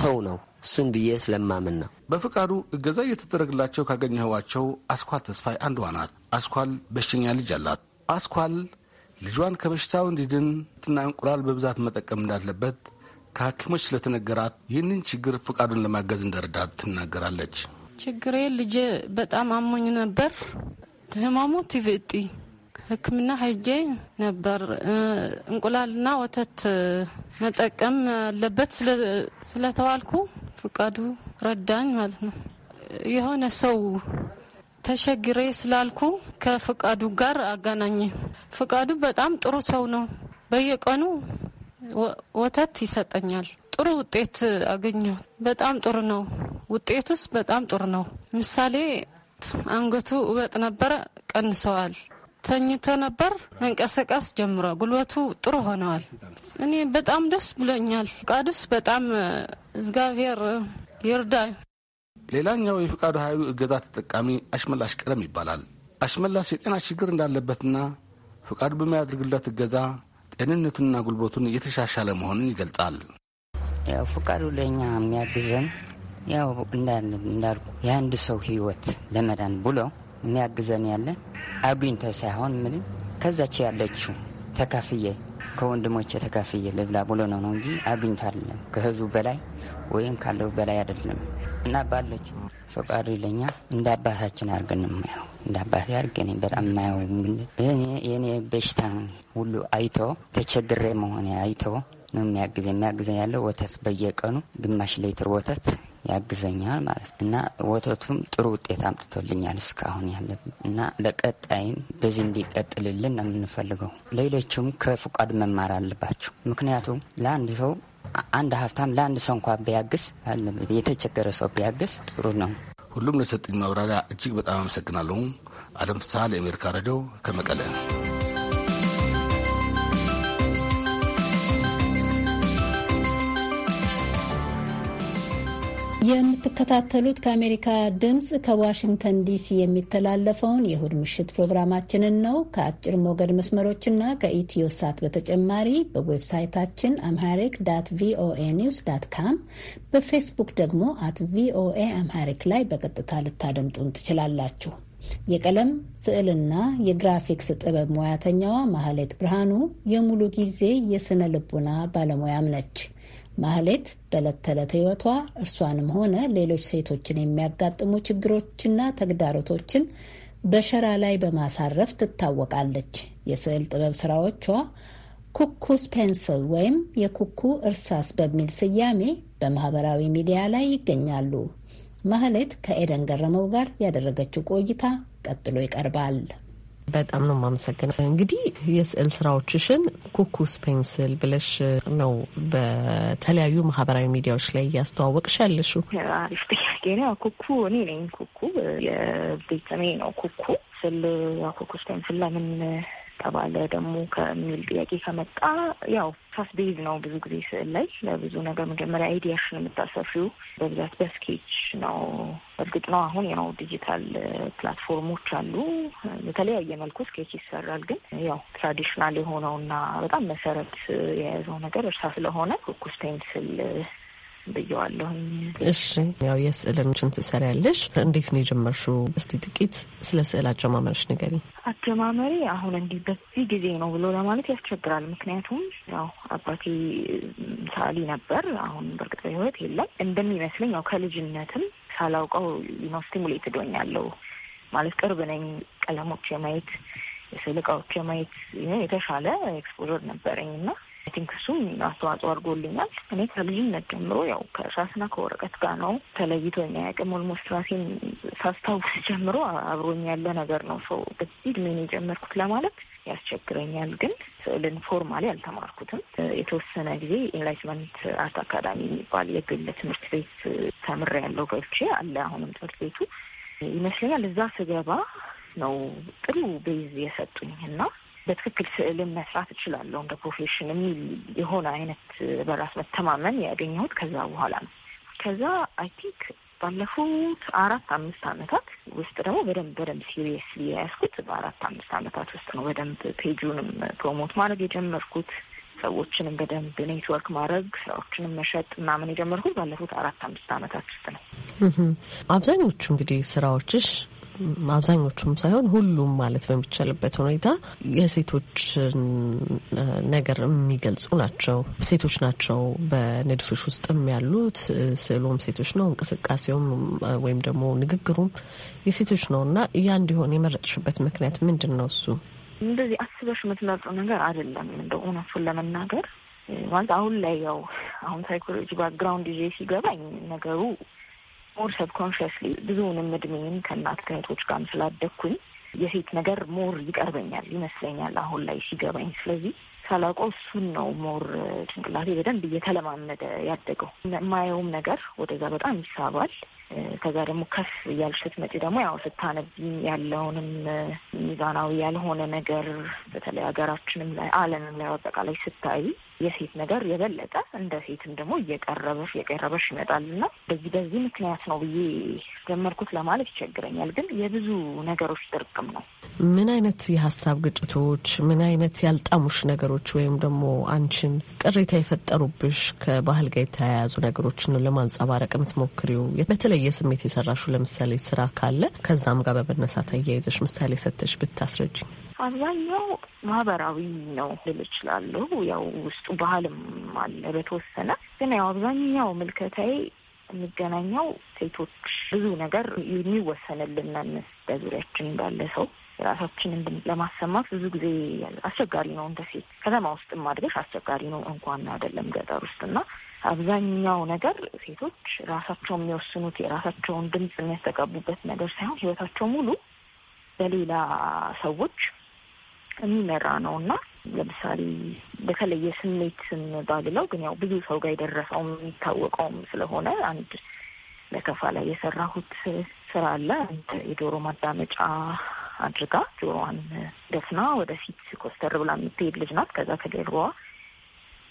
S9: ሰው ነው። እሱን ብዬ ስለማምን ነው።
S8: በፍቃዱ እገዛ እየተደረግላቸው ካገኘኋቸው አስኳል ተስፋይ አንዷ ናት። አስኳል በሽተኛ ልጅ አላት። አስኳል ልጇን ከበሽታው እንዲድን ትና እንቁላል በብዛት መጠቀም እንዳለበት ከሐኪሞች ስለተነገራት ይህንን ችግር ፍቃዱን ለማገዝ እንደረዳት ትናገራለች።
S10: ችግሬ ልጄ በጣም አሞኝ ነበር። ህመሙ ቲቪጢ ሕክምና ሄጄ ነበር። እንቁላልና ወተት መጠቀም አለበት ስለተባልኩ ፍቃዱ ረዳኝ ማለት ነው። የሆነ ሰው ተሸግሬ ስላልኩ ከፍቃዱ ጋር አገናኘ። ፍቃዱ በጣም ጥሩ ሰው ነው። በየቀኑ ወተት ይሰጠኛል። ጥሩ ውጤት አገኘሁ። በጣም ጥሩ ነው። ውጤቱስ በጣም ጥሩ ነው። ምሳሌ አንገቱ እበጥ ነበረ፣ ቀንሰዋል። ተኝቶ ነበር፣ መንቀሳቀስ ጀምሮ ጉልበቱ ጥሩ ሆነዋል። እኔ በጣም ደስ ብሎኛል። ፍቃዱስ በጣም እግዚአብሔር ይርዳ።
S8: ሌላኛው የፍቃዱ ኃይሉ እገዛ ተጠቃሚ አሽመላሽ ቀለም ይባላል። አሽመላሽ የጤና ችግር እንዳለበትና ፍቃዱ
S10: በሚያደርግለት እገዛ ጤንነቱንና ጉልበቱን እየተሻሻለ መሆኑን ይገልጻል። ያው ፍቃዱ ለእኛ የሚያግዘን ያው እንዳልኩ የአንድ ሰው ህይወት ለመዳን ብሎ የሚያግዘን ያለ አግኝተ ሳይሆን ምንም ከዛች ያለችው ተካፍዬ ከወንድሞች ተካፍዬ ልብላ ብሎ ነው ነው እንጂ አግኝታለን ከህዝቡ በላይ ወይም ካለው በላይ አይደለም። እና ባለች ፈቃዱ ይለኛ እንደ አባታችን አርገን የማየው እንደ አባቴ አርገን በጣም የማየው የኔ በሽታ ሁሉ አይቶ ተቸግሬ መሆን አይቶ ነው የሚያግዘ የሚያግዘ ያለው ወተት በየቀኑ ግማሽ ሌትር ወተት ያግዘኛል ማለት እና ወተቱም ጥሩ ውጤት አምጥቶልኛል እስካሁን ያለ እና ለቀጣይም በዚህ እንዲቀጥልልን ነው የምንፈልገው። ሌሎችም ከፍቃድ መማር አለባቸው። ምክንያቱም ለአንድ ሰው አንድ ሀብታም ለአንድ ሰው እንኳ ቢያግስ፣ የተቸገረ ሰው ቢያግስ ጥሩ ነው። ሁሉም ለሰጠኝ
S8: ማብራሪያ እጅግ በጣም አመሰግናለሁ። አለም ፍስሀ ለአሜሪካ ሬዲዮ ከመቀለ
S1: የምትከታተሉት ከአሜሪካ ድምፅ ከዋሽንግተን ዲሲ የሚተላለፈውን የእሁድ ምሽት ፕሮግራማችንን ነው። ከአጭር ሞገድ መስመሮችና ከኢትዮ ሳት በተጨማሪ በዌብሳይታችን አምሃሪክ ዳት ቪኦኤ ኒውስ ዳት ካም፣ በፌስቡክ ደግሞ አት ቪኦኤ አምሃሪክ ላይ በቀጥታ ልታደምጡን ትችላላችሁ። የቀለም ስዕልና የግራፊክስ ጥበብ ሙያተኛዋ ማህሌት ብርሃኑ የሙሉ ጊዜ የስነ ልቡና ባለሙያም ነች። ማህሌት በዕለት ተዕለት ህይወቷ እርሷንም ሆነ ሌሎች ሴቶችን የሚያጋጥሙ ችግሮችና ተግዳሮቶችን በሸራ ላይ በማሳረፍ ትታወቃለች። የስዕል ጥበብ ስራዎቿ ኩኩስ ፔንስል ወይም የኩኩ እርሳስ በሚል ስያሜ በማህበራዊ ሚዲያ ላይ ይገኛሉ። ማህሌት ከኤደን ገረመው ጋር
S11: ያደረገችው ቆይታ ቀጥሎ ይቀርባል። በጣም ነው የማመሰግነው። እንግዲህ የስዕል ስራዎችሽን ኩኩስ ፔንስል ብለሽ ነው በተለያዩ ማህበራዊ ሚዲያዎች ላይ እያስተዋወቅሽ ያለሽው። አሪፍ
S12: ጥያቄ ነው። ኩኩ እኔ ነኝ። ኩኩ የቤተሜ ነው። ኩኩ ስል ኩኩስ ፔንስል ለምን ከተባለ ደግሞ ከሚል ጥያቄ ከመጣ ያው ፋስ ቤዝ ነው። ብዙ ጊዜ ስዕል ላይ ለብዙ ነገር መጀመሪያ አይዲያሽን የምታሰፊው በብዛት በስኬች ነው። እርግጥ ነው አሁን ያው ዲጂታል ፕላትፎርሞች አሉ፣ በተለያየ መልኩ ስኬች ይሰራል። ግን ያው ትራዲሽናል የሆነውና በጣም መሰረት የያዘው ነገር እርሳ ስለሆነ ኩኩስ ፔንስል ብየዋለሁኝ።
S11: እሺ ያው የስዕሎችን ትሰሪያለሽ፣ እንዴት ነው የጀመርሽው? እስቲ ጥቂት ስለ ስዕል አጀማመርሽ ንገሪ።
S12: አጀማመሪ አሁን እንዲህ በዚህ ጊዜ ነው ብሎ ለማለት ያስቸግራል። ምክንያቱም ያው አባቴ ሰዓሊ ነበር። አሁን በእርግጥ በህይወት የለም። እንደሚመስለኝ ያው ከልጅነትም ሳላውቀው ነው ስቲሙሌት እዶኛለሁ ማለት ቅርብ ነኝ ቀለሞች የማየት የስዕል እቃዎች የማየት የተሻለ ኤክስፖዘር ነበረኝ እና አይ ቲንክ እሱም አስተዋጽኦ አድርጎልኛል። እኔ ከልጅነት ጀምሮ ያው ከእርሳስና ከወረቀት ጋር ነው ተለይቶ የሚያቅም ኦልሞስት ራሴን ሳስታውስ ጀምሮ አብሮኝ ያለ ነገር ነው። ሰው በዚህ እድሜን የጀመርኩት ለማለት ያስቸግረኛል። ግን ስዕልን ፎርማሊ አልተማርኩትም። የተወሰነ ጊዜ ኢንላይትመንት አርት አካዳሚ የሚባል የግል ትምህርት ቤት ያለው ገብቼ አለ አሁንም ትምህርት ቤቱ ይመስለኛል። እዛ ስገባ ነው ጥሩ ቤዝ የሰጡኝ እና በትክክል ስዕልን መስራት እችላለሁ እንደ ፕሮፌሽን የሚል የሆነ አይነት በራስ መተማመን ያገኘሁት ከዛ በኋላ ነው። ከዛ አይ ቲንክ ባለፉት አራት አምስት አመታት ውስጥ ደግሞ በደንብ በደንብ ሲሪየስ የያዝኩት በአራት አምስት አመታት ውስጥ ነው። በደንብ ፔጁንም ፕሮሞት ማድረግ የጀመርኩት ሰዎችንም በደንብ ኔትወርክ ማድረግ ስራዎችንም መሸጥ ምናምን የጀመርኩት ባለፉት አራት አምስት አመታት ውስጥ ነው።
S11: አብዛኞቹ እንግዲህ ስራዎችሽ አብዛኞቹም ሳይሆን ሁሉም ማለት በሚቻልበት ሁኔታ የሴቶችን ነገር የሚገልጹ ናቸው። ሴቶች ናቸው በንድፍሽ ውስጥም ያሉት። ስዕሉም ሴቶች ነው፣ እንቅስቃሴውም ወይም ደግሞ ንግግሩም የሴቶች ነው እና ያ እንዲሆን የመረጥሽበት ምክንያት ምንድን ነው? እሱ
S12: እንደዚህ አስበሽ የምትመርጡ ነገር አይደለም። እንደ እውነቱን ለመናገር ማለት አሁን ላይ ያው አሁን ሳይኮሎጂ ባክግራውንድ ይዤ ሲገባኝ ነገሩ ሞር ሰብኮንሽስሊ ብዙውንም እድሜን ከእናት ከእህቶች ጋርም ስላደግኩኝ የሴት ነገር ሞር ይቀርበኛል ይመስለኛል አሁን ላይ ሲገባኝ። ስለዚህ ሳላውቀው እሱን ነው ሞር ጭንቅላቴ በደንብ እየተለማመደ ያደገው። የማየውም ነገር ወደዛ በጣም ይሳባል። ከዛ ደግሞ ከፍ እያልሽ ስትመጪ ደግሞ ያው ስታነቢ ያለውንም ሚዛናዊ ያልሆነ ነገር በተለይ ሀገራችንም ላይ ዓለምም ላይ አጠቃላይ ስታይ የሴት ነገር የበለጠ እንደ ሴትም ደግሞ እየቀረበሽ እየቀረበሽ ይመጣል እና በዚህ በዚህ ምክንያት ነው ብዬ ጀመርኩት ለማለት ይቸግረኛል። ግን የብዙ ነገሮች ጥርቅም ነው።
S11: ምን አይነት የሀሳብ ግጭቶች፣ ምን አይነት ያልጣሙሽ ነገሮች ወይም ደግሞ አንቺን ቅሬታ የፈጠሩብሽ ከባህል ጋር የተያያዙ ነገሮችን ለማንጸባረቅ የምትሞክሪው በተለየ ስሜት የሰራሹ ለምሳሌ ስራ ካለ ከዛም ጋር በመነሳት አያይዘሽ ምሳሌ ሰተሽ ብታስረጅኝ።
S12: አብዛኛው ማህበራዊ ነው ልል እችላለሁ። ያው ውስጡ ባህልም አለ በተወሰነ ግን ያው አብዛኛው ምልከታዬ የሚገናኘው ሴቶች ብዙ ነገር የሚወሰንልን በዙሪያችን ባለ ሰው ራሳችንን ለማሰማት ብዙ ጊዜ አስቸጋሪ ነው። እንደ ሴት ከተማ ውስጥም ማድረሽ አስቸጋሪ ነው እንኳን አይደለም ገጠር ውስጥ እና አብዛኛው ነገር ሴቶች ራሳቸው የሚወስኑት የራሳቸውን ድምፅ የሚያስተጋቡበት ነገር ሳይሆን ህይወታቸው ሙሉ በሌላ ሰዎች የሚመራ ነው እና ለምሳሌ በተለየ ስሜት ባልለው ግን ያው ብዙ ሰው ጋር የደረሰውም የሚታወቀውም ስለሆነ አንድ ለከፋ ላይ የሰራሁት ስራ አለ። አንድ የጆሮ ማዳመጫ አድርጋ ጆሮዋን ደፍና ወደፊት ኮስተር ብላ የምትሄድ ልጅ ናት። ከዛ ከጀርባዋ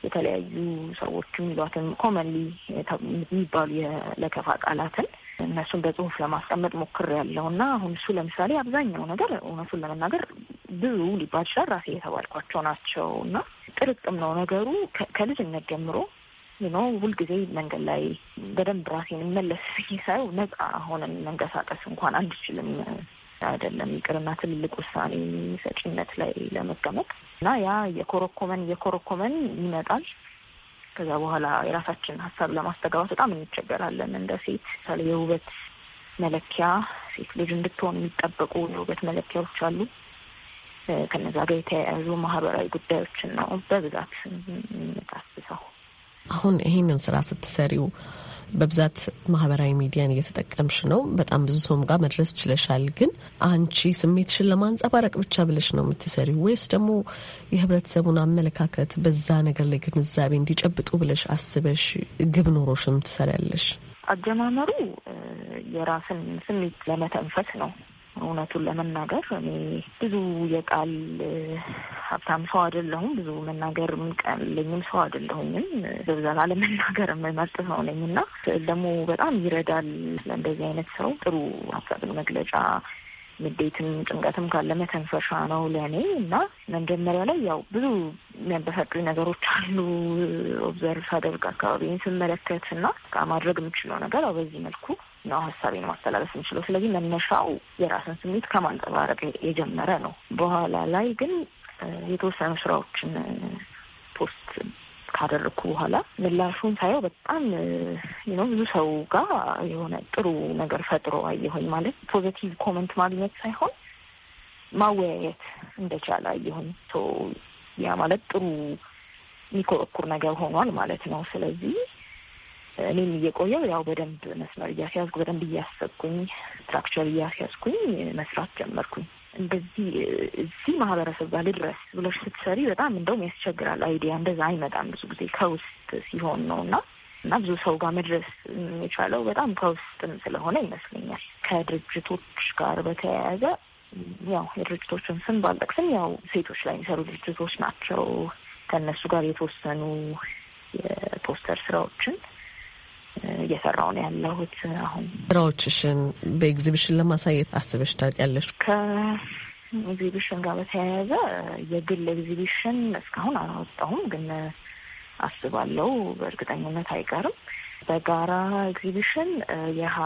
S12: የተለያዩ ሰዎች የሚሏትን ኮመንሊ የሚባሉ ለከፋ ቃላትን እነሱን በጽሁፍ ለማስቀመጥ ያለው እና አሁን እሱ ለምሳሌ አብዛኛው ነገር እውነቱን ለመናገር ብዙ ሊባል ይችላል ራሴ የተባልኳቸው ናቸው እና ጥርቅም ነው ነገሩ ከልጅነት ጀምሮ ኖ ሁልጊዜ መንገድ ላይ በደንብ ራሴን መለስ ሳየው ነጻ ሆነን መንቀሳቀስ እንኳን አንችልም አይደለም ይቅርና ትልልቅ ውሳኔ ሰጪነት ላይ ለመቀመጥ እና ያ የኮረኮመን የኮረኮመን ይመጣል ከዛ በኋላ የራሳችንን ሀሳብ ለማስተጋባት በጣም እንቸገራለን። እንደ ሴት ምሳሌ የውበት መለኪያ ሴት ልጅ እንድትሆን የሚጠበቁ የውበት መለኪያዎች አሉ። ከነዛ ጋር የተያያዙ ማህበራዊ ጉዳዮችን ነው በብዛት የምታስሰው።
S11: አሁን ይህንን ስራ ስትሰሪው በብዛት ማህበራዊ ሚዲያን እየተጠቀምሽ ነው፣ በጣም ብዙ ሰውም ጋር መድረስ ችለሻል። ግን አንቺ ስሜትሽን ለማንጸባረቅ ብቻ ብለሽ ነው የምትሰሪ ወይስ ደግሞ የህብረተሰቡን አመለካከት በዛ ነገር ላይ ግንዛቤ እንዲጨብጡ ብለሽ አስበሽ ግብ ኖሮሽም ትሰሪያለሽ?
S12: አጀማመሩ የራስን ስሜት ለመተንፈስ ነው። እውነቱን ለመናገር እኔ ብዙ የቃል ሀብታም ሰው አይደለሁም። ብዙ መናገር የምቀልኝም ሰው አይደለሁኝም። በብዛት ለመናገር የምመርጥ ሰው ነኝ እና ደግሞ በጣም ይረዳል ለእንደዚህ አይነት ሰው ጥሩ ሀሳብን መግለጫ ንዴትም ጭንቀትም ካለ መተንፈሻ ነው ለእኔ እና መጀመሪያ ላይ ያው ብዙ የሚያበሳጩ ነገሮች አሉ። ኦብዘርቭ ሳደርግ አካባቢን ስመለከት እና ማድረግ የምችለው ነገር በዚህ መልኩ ነው ሀሳቤን ማስተላለፍ የምችለው። ስለዚህ መነሻው የራስን ስሜት ከማንጸባረቅ የጀመረ ነው። በኋላ ላይ ግን የተወሰኑ ስራዎችን ፖስት ካደረግኩ በኋላ ምላሹን ሳየው በጣም ነው ብዙ ሰው ጋር የሆነ ጥሩ ነገር ፈጥሮ አየሆኝ ማለት ፖዘቲቭ ኮመንት ማግኘት ሳይሆን ማወያየት እንደቻለ አየሆኝ። ያ ማለት ጥሩ የሚኮረኩር ነገር ሆኗል ማለት ነው። ስለዚህ እኔም እየቆየው ያው በደንብ መስመር እያስያዝኩ በደንብ እያሰብኩኝ ስትራክቸር እያስያዝኩኝ መስራት ጀመርኩኝ። እንደዚህ እዚህ ማህበረሰብ ጋር ልድረስ ብለሽ ስትሰሪ በጣም እንደውም ያስቸግራል። አይዲያ እንደዛ አይመጣም ብዙ ጊዜ ከውስጥ ሲሆን ነው እና እና ብዙ ሰው ጋር መድረስ የቻለው በጣም ከውስጥም ስለሆነ ይመስለኛል። ከድርጅቶች ጋር በተያያዘ ያው የድርጅቶችን ስም ባልጠቅስም ያው ሴቶች ላይ የሚሰሩ ድርጅቶች ናቸው። ከእነሱ ጋር የተወሰኑ የፖስተር ስራዎችን እየሰራው ነው ያለሁት። አሁን
S11: ስራዎችሽን በኤግዚቢሽን ለማሳየት አስበሽ ታውቂያለሽ?
S12: ከኤግዚቢሽን ጋር በተያያዘ የግል ኤግዚቢሽን እስካሁን አላወጣሁም፣ ግን አስባለሁ። በእርግጠኝነት አይቀርም። በጋራ ኤግዚቢሽን የሀ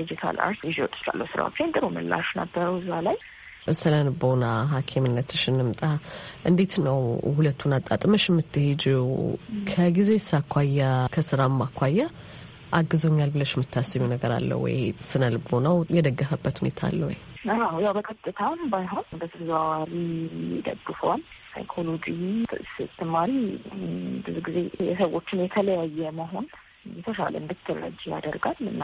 S12: ዲጂታል አርት ይዤ ወጥቻለሁ። ስራዎችን ጥሩ ምላሽ ነበሩ እዛ ላይ
S11: ስለ ንቦና ሐኪምነትሽ እንምጣ። እንዴት ነው ሁለቱን አጣጥመሽ የምትሄጂው? ከጊዜ አኳያ ከስራም አኳያ አግዞኛል ብለሽ የምታስቢው ነገር አለ ወይ? ስነ ልቦናው የደገፈበት ሁኔታ አለ ወይ?
S12: አዎ ያው በቀጥታም ባይሆን በተዘዋዋሪ ይደግፈዋል። ሳይኮሎጂ ስትማሪ ብዙ ጊዜ የሰዎችን የተለያየ መሆን የተሻለ እንድትረጅ ያደርጋል እና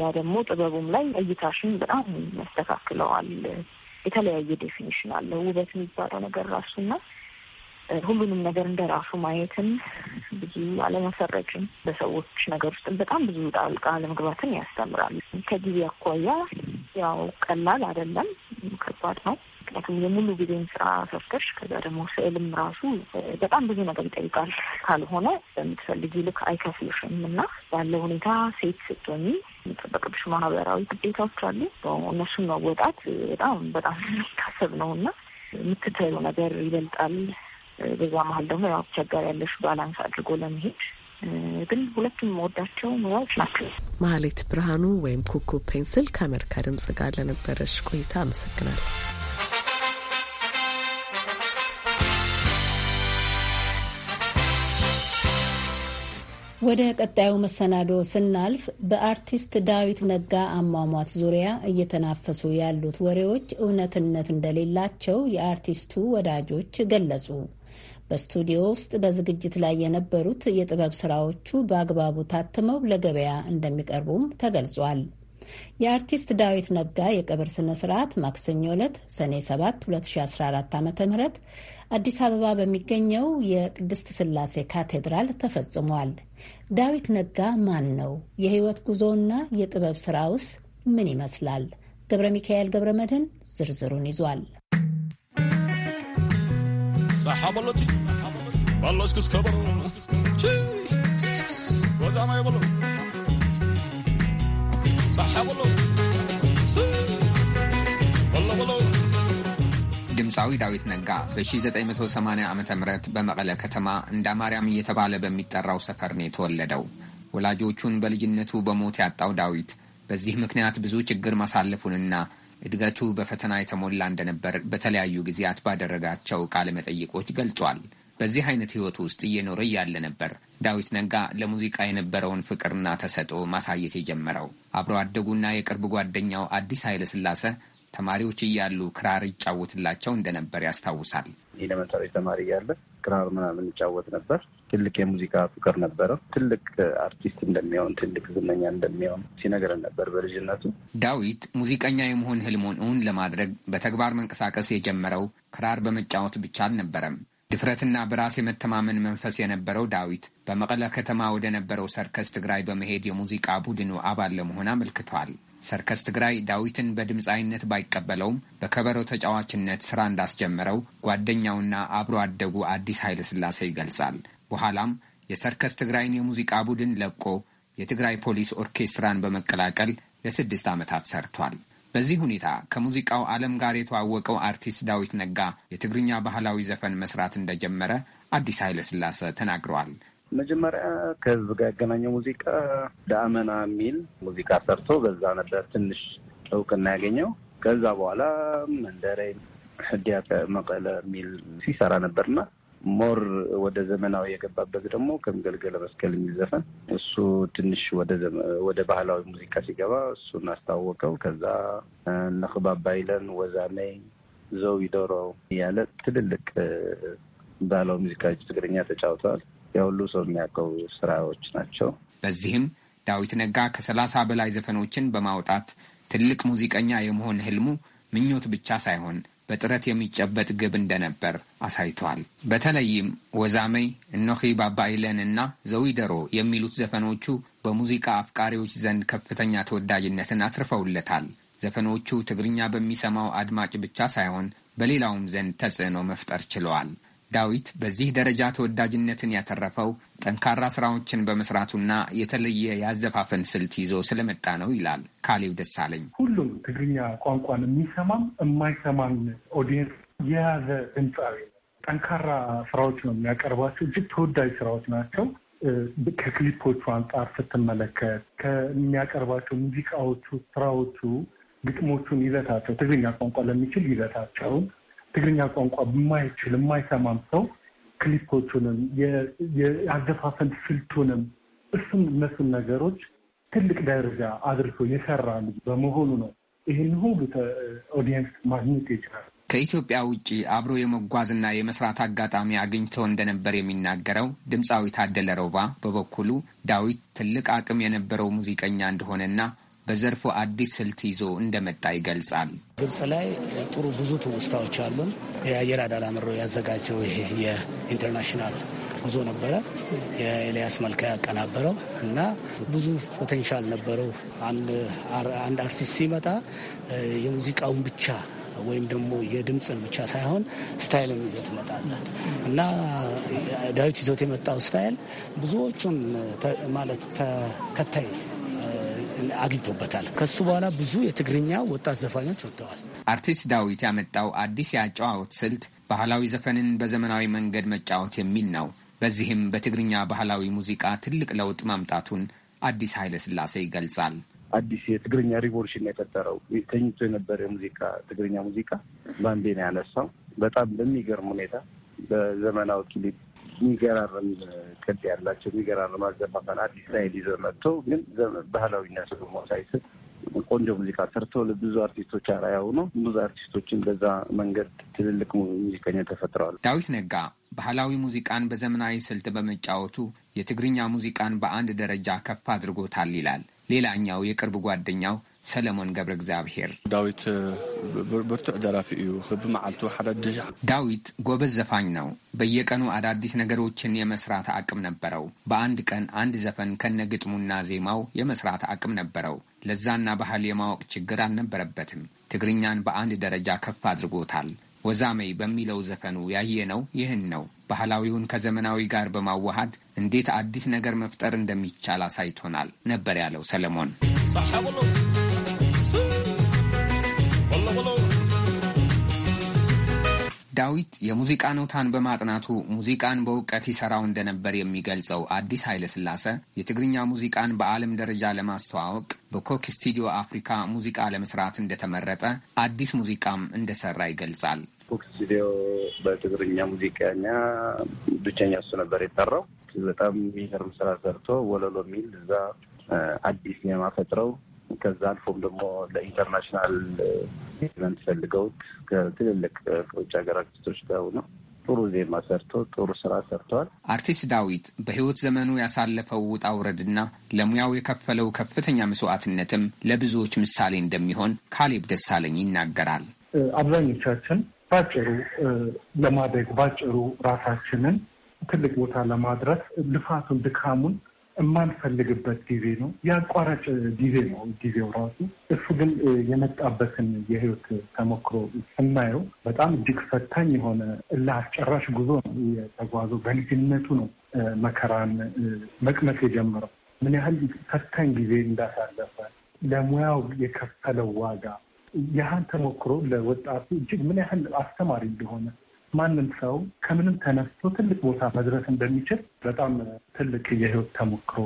S12: ያ ደግሞ ጥበቡም ላይ እይታሽን በጣም ያስተካክለዋል። የተለያየ ዴፊኒሽን አለ ውበት የሚባለው ነገር ራሱና ሁሉንም ነገር እንደ ራሱ ማየትን፣ ብዙ አለመፈረጅን፣ በሰዎች ነገር ውስጥ በጣም ብዙ ጣልቃ አለመግባትን ያስተምራል። ከጊዜ አኳያ ያው ቀላል አይደለም፣ ከባድ ነው። ምክንያቱም የሙሉ ጊዜን ስራ ሰርተሽ ከዛ ደግሞ ስዕልም ራሱ በጣም ብዙ ነገር ይጠይቃል። ካልሆነ በምትፈልጊ ልክ አይከፍልሽም እና ባለ ሁኔታ ሴት ስትሆኚ የሚጠበቅብሽ ማህበራዊ ግዴታዎች አሉ። እነሱን መወጣት በጣም በጣም የሚታሰብ ነው እና የምትተሉ ነገር ይበልጣል በዛ መሀል ደግሞ ያው ቸገር ያለሽ ባላንስ አድርጎ ለመሄድ ግን ሁለቱም መወዳቸው ሙያዎች ናቸው።
S11: ማህሌት ብርሃኑ ወይም ኩኩ ፔንስል ከአሜሪካ ድምጽ ጋር ለነበረች ቆይታ አመሰግናለሁ።
S1: ወደ ቀጣዩ መሰናዶ ስናልፍ በአርቲስት ዳዊት ነጋ አሟሟት ዙሪያ እየተናፈሱ ያሉት ወሬዎች እውነትነት እንደሌላቸው የአርቲስቱ ወዳጆች ገለጹ። በስቱዲዮ ውስጥ በዝግጅት ላይ የነበሩት የጥበብ ስራዎቹ በአግባቡ ታትመው ለገበያ እንደሚቀርቡም ተገልጿል። የአርቲስት ዳዊት ነጋ የቀብር ስነ ስርዓት ማክሰኞ ዕለት ሰኔ 7 2014 ዓ ም አዲስ አበባ በሚገኘው የቅድስት ስላሴ ካቴድራል ተፈጽሟል። ዳዊት ነጋ ማን ነው? የህይወት ጉዞና የጥበብ ስራውስ ምን ይመስላል? ገብረ ሚካኤል ገብረ መድህን ዝርዝሩን ይዟል።
S13: sahabalati ባሎስኩስ ከበሮ wazamaya balo
S14: ድምፃዊ ዳዊት ነጋ በ1980 ዓ ም በመቀለ ከተማ እንዳ ማርያም እየተባለ በሚጠራው ሰፈር ነው የተወለደው። ወላጆቹን በልጅነቱ በሞት ያጣው ዳዊት በዚህ ምክንያት ብዙ ችግር ማሳለፉንና እድገቱ በፈተና የተሞላ እንደነበር በተለያዩ ጊዜያት ባደረጋቸው ቃለ መጠይቆች ገልጿል። በዚህ አይነት ህይወት ውስጥ እየኖረ እያለ ነበር ዳዊት ነጋ ለሙዚቃ የነበረውን ፍቅርና ተሰጦ ማሳየት የጀመረው። አብሮ አደጉና የቅርብ ጓደኛው አዲስ ኃይለ ስላሰ ተማሪዎች እያሉ ክራር ይጫወትላቸው እንደነበር ያስታውሳል። ኤሌመንታሪ ተማሪ እያለ ክራር ምናምን ይጫወት ነበር።
S4: ትልቅ የሙዚቃ ፍቅር ነበረ። ትልቅ አርቲስት እንደሚሆን፣ ትልቅ ዝነኛ እንደሚሆን ሲነግረን ነበር በልጅነቱ።
S14: ዳዊት ሙዚቀኛ የመሆን ህልሞን እውን ለማድረግ በተግባር መንቀሳቀስ የጀመረው ክራር በመጫወት ብቻ አልነበረም። ድፍረትና በራስ የመተማመን መንፈስ የነበረው ዳዊት በመቀለ ከተማ ወደ ነበረው ሰርከስ ትግራይ በመሄድ የሙዚቃ ቡድኑ አባል ለመሆን አመልክቷል። ሰርከስ ትግራይ ዳዊትን አይነት ባይቀበለውም በከበሮ ተጫዋችነት ስራ እንዳስጀመረው ጓደኛውና አብሮ አደጉ አዲስ ኃይለ ስላሴ ይገልጻል። በኋላም የሰርከስ ትግራይን የሙዚቃ ቡድን ለቆ የትግራይ ፖሊስ ኦርኬስትራን በመቀላቀል ለስድስት ዓመታት ሰርቷል። በዚህ ሁኔታ ከሙዚቃው ዓለም ጋር የተዋወቀው አርቲስት ዳዊት ነጋ የትግርኛ ባህላዊ ዘፈን መስራት እንደጀመረ አዲስ ኃይለ ስላሰ ተናግረዋል።
S4: መጀመሪያ ከህዝብ ጋር ያገናኘው ሙዚቃ ዳመና የሚል ሙዚቃ ሰርቶ በዛ ነበር ትንሽ እውቅና ያገኘው። ከዛ በኋላ መንደሬ፣ ህዲያ መቀለ የሚል ሲሰራ ነበርና ሞር ወደ ዘመናዊ የገባበት ደግሞ ከመገልገለ መስቀል የሚዘፈን እሱ ትንሽ ወደ ባህላዊ ሙዚቃ ሲገባ እሱን አስታወቀው። ከዛ ነክባባይለን ወዛመይ ዘው ይደሮ እያለ ትልልቅ ባህላዊ ሙዚቃዎች ትግርኛ ተጫውተዋል። የሁሉ ሰው የሚያውቀው ስራዎች ናቸው።
S14: በዚህም ዳዊት ነጋ ከሰላሳ በላይ ዘፈኖችን በማውጣት ትልቅ ሙዚቀኛ የመሆን ህልሙ ምኞት ብቻ ሳይሆን በጥረት የሚጨበጥ ግብ እንደነበር አሳይቷል። በተለይም ወዛመይ፣ እኖኺ ባባይለን እና ዘዊደሮ የሚሉት ዘፈኖቹ በሙዚቃ አፍቃሪዎች ዘንድ ከፍተኛ ተወዳጅነትን አትርፈውለታል። ዘፈኖቹ ትግርኛ በሚሰማው አድማጭ ብቻ ሳይሆን በሌላውም ዘንድ ተጽዕኖ መፍጠር ችለዋል። ዳዊት በዚህ ደረጃ ተወዳጅነትን ያተረፈው ጠንካራ ስራዎችን በመስራቱና የተለየ የአዘፋፈን ስልት ይዞ ስለመጣ ነው ይላል ካሌብ ደሳለኝ።
S15: ሁሉም ትግርኛ ቋንቋን የሚሰማም የማይሰማን ኦዲየንስ የያዘ ድምፃዊ ጠንካራ ስራዎች ነው የሚያቀርባቸው። እጅግ ተወዳጅ ስራዎች ናቸው። ከክሊፖቹ አንጻር ስትመለከት ከሚያቀርባቸው ሙዚቃዎቹ፣ ስራዎቹ፣ ግጥሞቹን ይዘታቸው ትግርኛ ቋንቋ ለሚችል ይዘታቸውን ትግርኛ ቋንቋ የማይችል የማይሰማም ሰው ክሊፖቹንም የአገፋፈን ስልቱንም እሱም እነሱን ነገሮች ትልቅ ደረጃ አድርሶ የሰራ ልጅ በመሆኑ ነው ይህን ሁሉ ኦዲየንስ ማግኘት ይችላል።
S14: ከኢትዮጵያ ውጭ አብሮ የመጓዝና የመስራት አጋጣሚ አግኝቶ እንደነበር የሚናገረው ድምፃዊ ታደለ ረባ በበኩሉ ዳዊት ትልቅ አቅም የነበረው ሙዚቀኛ እንደሆነና በዘርፉ አዲስ ስልት ይዞ እንደመጣ ይገልጻል።
S2: ግብጽ ላይ ጥሩ ብዙ ትውስታዎች አሉን። የአየር አዳላ ምሮ ያዘጋጀው ይሄ የኢንተርናሽናል ጉዞ ነበረ። የኤልያስ መልካ ያቀናበረው እና ብዙ ፖቴንሻል ነበረው። አንድ አርቲስት ሲመጣ የሙዚቃውን ብቻ ወይም ደግሞ የድምፅን ብቻ ሳይሆን ስታይልን ይዘህ ትመጣለህ እና ዳዊት ይዞት የመጣው ስታይል ብዙዎቹን ማለት ተከታይ አግኝቶበታል። ከሱ በኋላ ብዙ የትግርኛ ወጣት ዘፋኞች
S14: ወጥተዋል። አርቲስት ዳዊት ያመጣው አዲስ የአጨዋወት ስልት ባህላዊ ዘፈንን በዘመናዊ መንገድ መጫወት የሚል ነው። በዚህም በትግርኛ ባህላዊ ሙዚቃ ትልቅ ለውጥ ማምጣቱን አዲስ ኃይለ ስላሴ ይገልጻል።
S4: አዲስ የትግርኛ ሪቮሉሽን የፈጠረው ተኝቶ የነበረ የሙዚቃ ትግርኛ ሙዚቃ ባንዴ ነው ያነሳው። በጣም በሚገርም ሁኔታ በዘመናዊ ክሊፕ የሚገራርም ቅድ ያላቸው የሚገራርም አዘባባል አዲስ ላይ ይዘው መጥተው ግን ባህላዊና ስሉ ሳይስት ቆንጆ ሙዚቃ ሰርተው ለብዙ አርቲስቶች አርአያ ሆነው ብዙ አርቲስቶችን በዛ መንገድ ትልልቅ ሙዚቀኛ ተፈጥረዋል። ዳዊት ነጋ
S14: ባህላዊ ሙዚቃን በዘመናዊ ስልት በመጫወቱ የትግርኛ ሙዚቃን በአንድ ደረጃ ከፍ አድርጎታል ይላል ሌላኛው የቅርብ ጓደኛው ሰለሞን ገብረ እግዚአብሔር ዳዊት ብርቱዕ ደራፊ እዩ ብመዓልቱ ድዣ ዳዊት ጎበዝ ዘፋኝ ነው። በየቀኑ አዳዲስ ነገሮችን የመስራት አቅም ነበረው። በአንድ ቀን አንድ ዘፈን ከነ ግጥሙና ዜማው የመስራት አቅም ነበረው። ለዛና ባህል የማወቅ ችግር አልነበረበትም። ትግርኛን በአንድ ደረጃ ከፍ አድርጎታል። ወዛመይ በሚለው ዘፈኑ ያየነው ይህን ነው። ባህላዊውን ከዘመናዊ ጋር በማዋሃድ እንዴት አዲስ ነገር መፍጠር እንደሚቻል አሳይቶናል ነበር ያለው ሰለሞን። ዳዊት የሙዚቃ ኖታን በማጥናቱ ሙዚቃን በእውቀት ይሰራው እንደነበር የሚገልጸው አዲስ ኃይለ ስላሰ የትግርኛ ሙዚቃን በዓለም ደረጃ ለማስተዋወቅ በኮክ ስቱዲዮ አፍሪካ ሙዚቃ ለመስራት እንደተመረጠ አዲስ ሙዚቃም እንደሰራ ይገልጻል።
S4: ኮክ ስቱዲዮ በትግርኛ ሙዚቃኛ ብቸኛ እሱ ነበር የጠራው። በጣም የሚገርም ስራ ሰርቶ ወለሎ የሚል እዛ አዲስ የማፈጥረው ከዛ አልፎም ደግሞ ለኢንተርናሽናል ኢቨንት eh, ፈልገውት ከትልልቅ eh, ከውጭ ሀገር አርቲስቶች ጋር ነው ጥሩ ዜማ ሰርቶ
S14: ጥሩ ስራ ሰርተዋል። አርቲስት ዳዊት በህይወት ዘመኑ ያሳለፈው ውጣ ውረድና ለሙያው የከፈለው ከፍተኛ መስዋዕትነትም ለብዙዎች ምሳሌ እንደሚሆን ካሌብ ደሳለኝ ይናገራል።
S15: eh, አብዛኞቻችን ባጭሩ ለማደግ ባጭሩ ራሳችንን ትልቅ ቦታ ለማድረስ ልፋቱን፣ ድካሙን የማንፈልግበት ጊዜ ነው። የአቋራጭ ጊዜ ነው ጊዜው ራሱ። እሱ ግን የመጣበትን የህይወት ተሞክሮ ስናየው በጣም እጅግ ፈታኝ የሆነ እልህ አስጨራሽ ጉዞ ነው የተጓዘው። በልጅነቱ ነው መከራን መቅመስ የጀመረው። ምን ያህል ፈታኝ ጊዜ እንዳሳለፈ ለሙያው የከፈለው ዋጋ፣ ያህን ተሞክሮ ለወጣቱ እጅግ ምን ያህል አስተማሪ እንደሆነ ማንም ሰው ከምንም ተነስቶ ትልቅ ቦታ መድረስ እንደሚችል በጣም ትልቅ የህይወት ተሞክሮ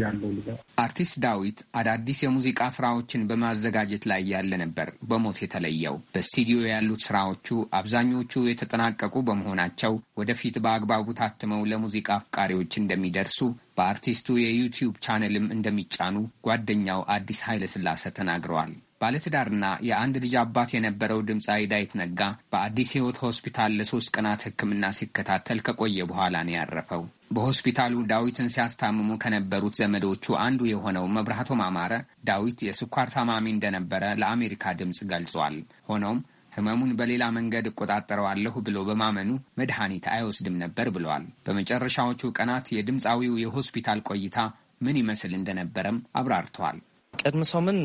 S15: ያለው ልጅ
S14: አርቲስት ዳዊት አዳዲስ የሙዚቃ ስራዎችን በማዘጋጀት ላይ ያለ ነበር በሞት የተለየው። በስቱዲዮ ያሉት ስራዎቹ አብዛኞቹ የተጠናቀቁ በመሆናቸው ወደፊት በአግባቡ ታትመው ለሙዚቃ አፍቃሪዎች እንደሚደርሱ በአርቲስቱ የዩቲዩብ ቻነልም እንደሚጫኑ ጓደኛው አዲስ ኃይለስላሴ ተናግረዋል። ባለትዳርና የአንድ ልጅ አባት የነበረው ድምፃዊ ዳዊት ነጋ በአዲስ ሕይወት ሆስፒታል ለሶስት ቀናት ሕክምና ሲከታተል ከቆየ በኋላ ነው ያረፈው። በሆስፒታሉ ዳዊትን ሲያስታምሙ ከነበሩት ዘመዶቹ አንዱ የሆነው መብራቶም አማረ ዳዊት የስኳር ታማሚ እንደነበረ ለአሜሪካ ድምፅ ገልጿል። ሆኖም ህመሙን በሌላ መንገድ እቆጣጠረዋለሁ ብሎ በማመኑ መድኃኒት አይወስድም ነበር ብለዋል። በመጨረሻዎቹ ቀናት የድምፃዊው የሆስፒታል ቆይታ ምን ይመስል እንደነበረም አብራርተዋል። ቅድምሶምን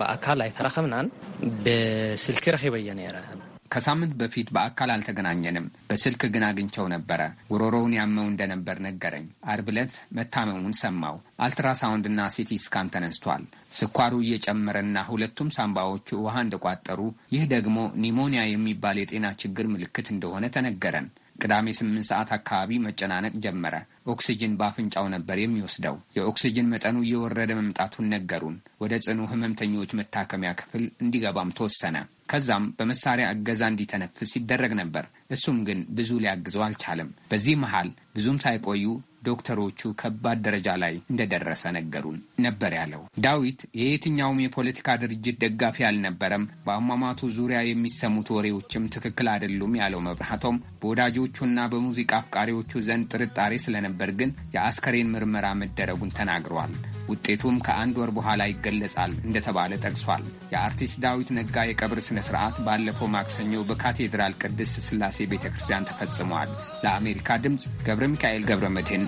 S14: በአካል አይተረኸምናን ብስልኪ ረኺበየ ነረ ከሳምንት በፊት በአካል አልተገናኘንም። በስልክ ግን አግኝቸው ነበረ። ጉሮሮውን ያመው እንደነበር ነገረኝ። አርብ ዕለት መታመሙን ሰማው። አልትራሳውንድና ሲቲ ስካን ተነስቷል። ስኳሩ እየጨመረና ሁለቱም ሳምባዎቹ ውሃ እንደቋጠሩ፣ ይህ ደግሞ ኒሞኒያ የሚባል የጤና ችግር ምልክት እንደሆነ ተነገረን። ቅዳሜ ስምንት ሰዓት አካባቢ መጨናነቅ ጀመረ። ኦክሲጅን በአፍንጫው ነበር የሚወስደው። የኦክሲጅን መጠኑ እየወረደ መምጣቱን ነገሩን። ወደ ጽኑ ህመምተኞች መታከሚያ ክፍል እንዲገባም ተወሰነ። ከዛም በመሳሪያ እገዛ እንዲተነፍስ ይደረግ ነበር። እሱም ግን ብዙ ሊያግዘው አልቻለም። በዚህ መሃል ብዙም ሳይቆዩ ዶክተሮቹ ከባድ ደረጃ ላይ እንደደረሰ ነገሩን ነበር ያለው። ዳዊት የየትኛውም የፖለቲካ ድርጅት ደጋፊ አልነበረም። በአሟሟቱ ዙሪያ የሚሰሙት ወሬዎችም ትክክል አይደሉም ያለው መብራቶም በወዳጆቹና በሙዚቃ አፍቃሪዎቹ ዘንድ ጥርጣሬ ስለነበር ግን የአስከሬን ምርመራ መደረጉን ተናግረዋል። ውጤቱም ከአንድ ወር በኋላ ይገለጻል እንደተባለ ጠቅሷል። የአርቲስት ዳዊት ነጋ የቀብር ስነ ስርዓት ባለፈው ማክሰኞ በካቴድራል ቅድስት ስላሴ ቤተ ክርስቲያን ተፈጽሟል። ለአሜሪካ ድምፅ ገብረ ሚካኤል ገብረ መድህን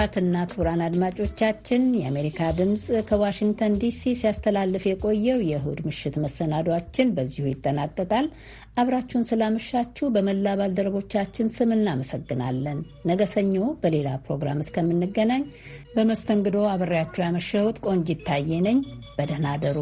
S1: ክቡራትና ክቡራን አድማጮቻችን የአሜሪካ ድምፅ ከዋሽንግተን ዲሲ ሲያስተላልፍ የቆየው የእሁድ ምሽት መሰናዷችን በዚሁ ይጠናቀቃል። አብራችሁን ስላመሻችሁ በመላ ባልደረቦቻችን ስም እናመሰግናለን። ነገ ሰኞ በሌላ ፕሮግራም እስከምንገናኝ በመስተንግዶ አብሬያችሁ ያመሸሁት ቆንጂት ታዬ ነኝ። በደህና አደሩ።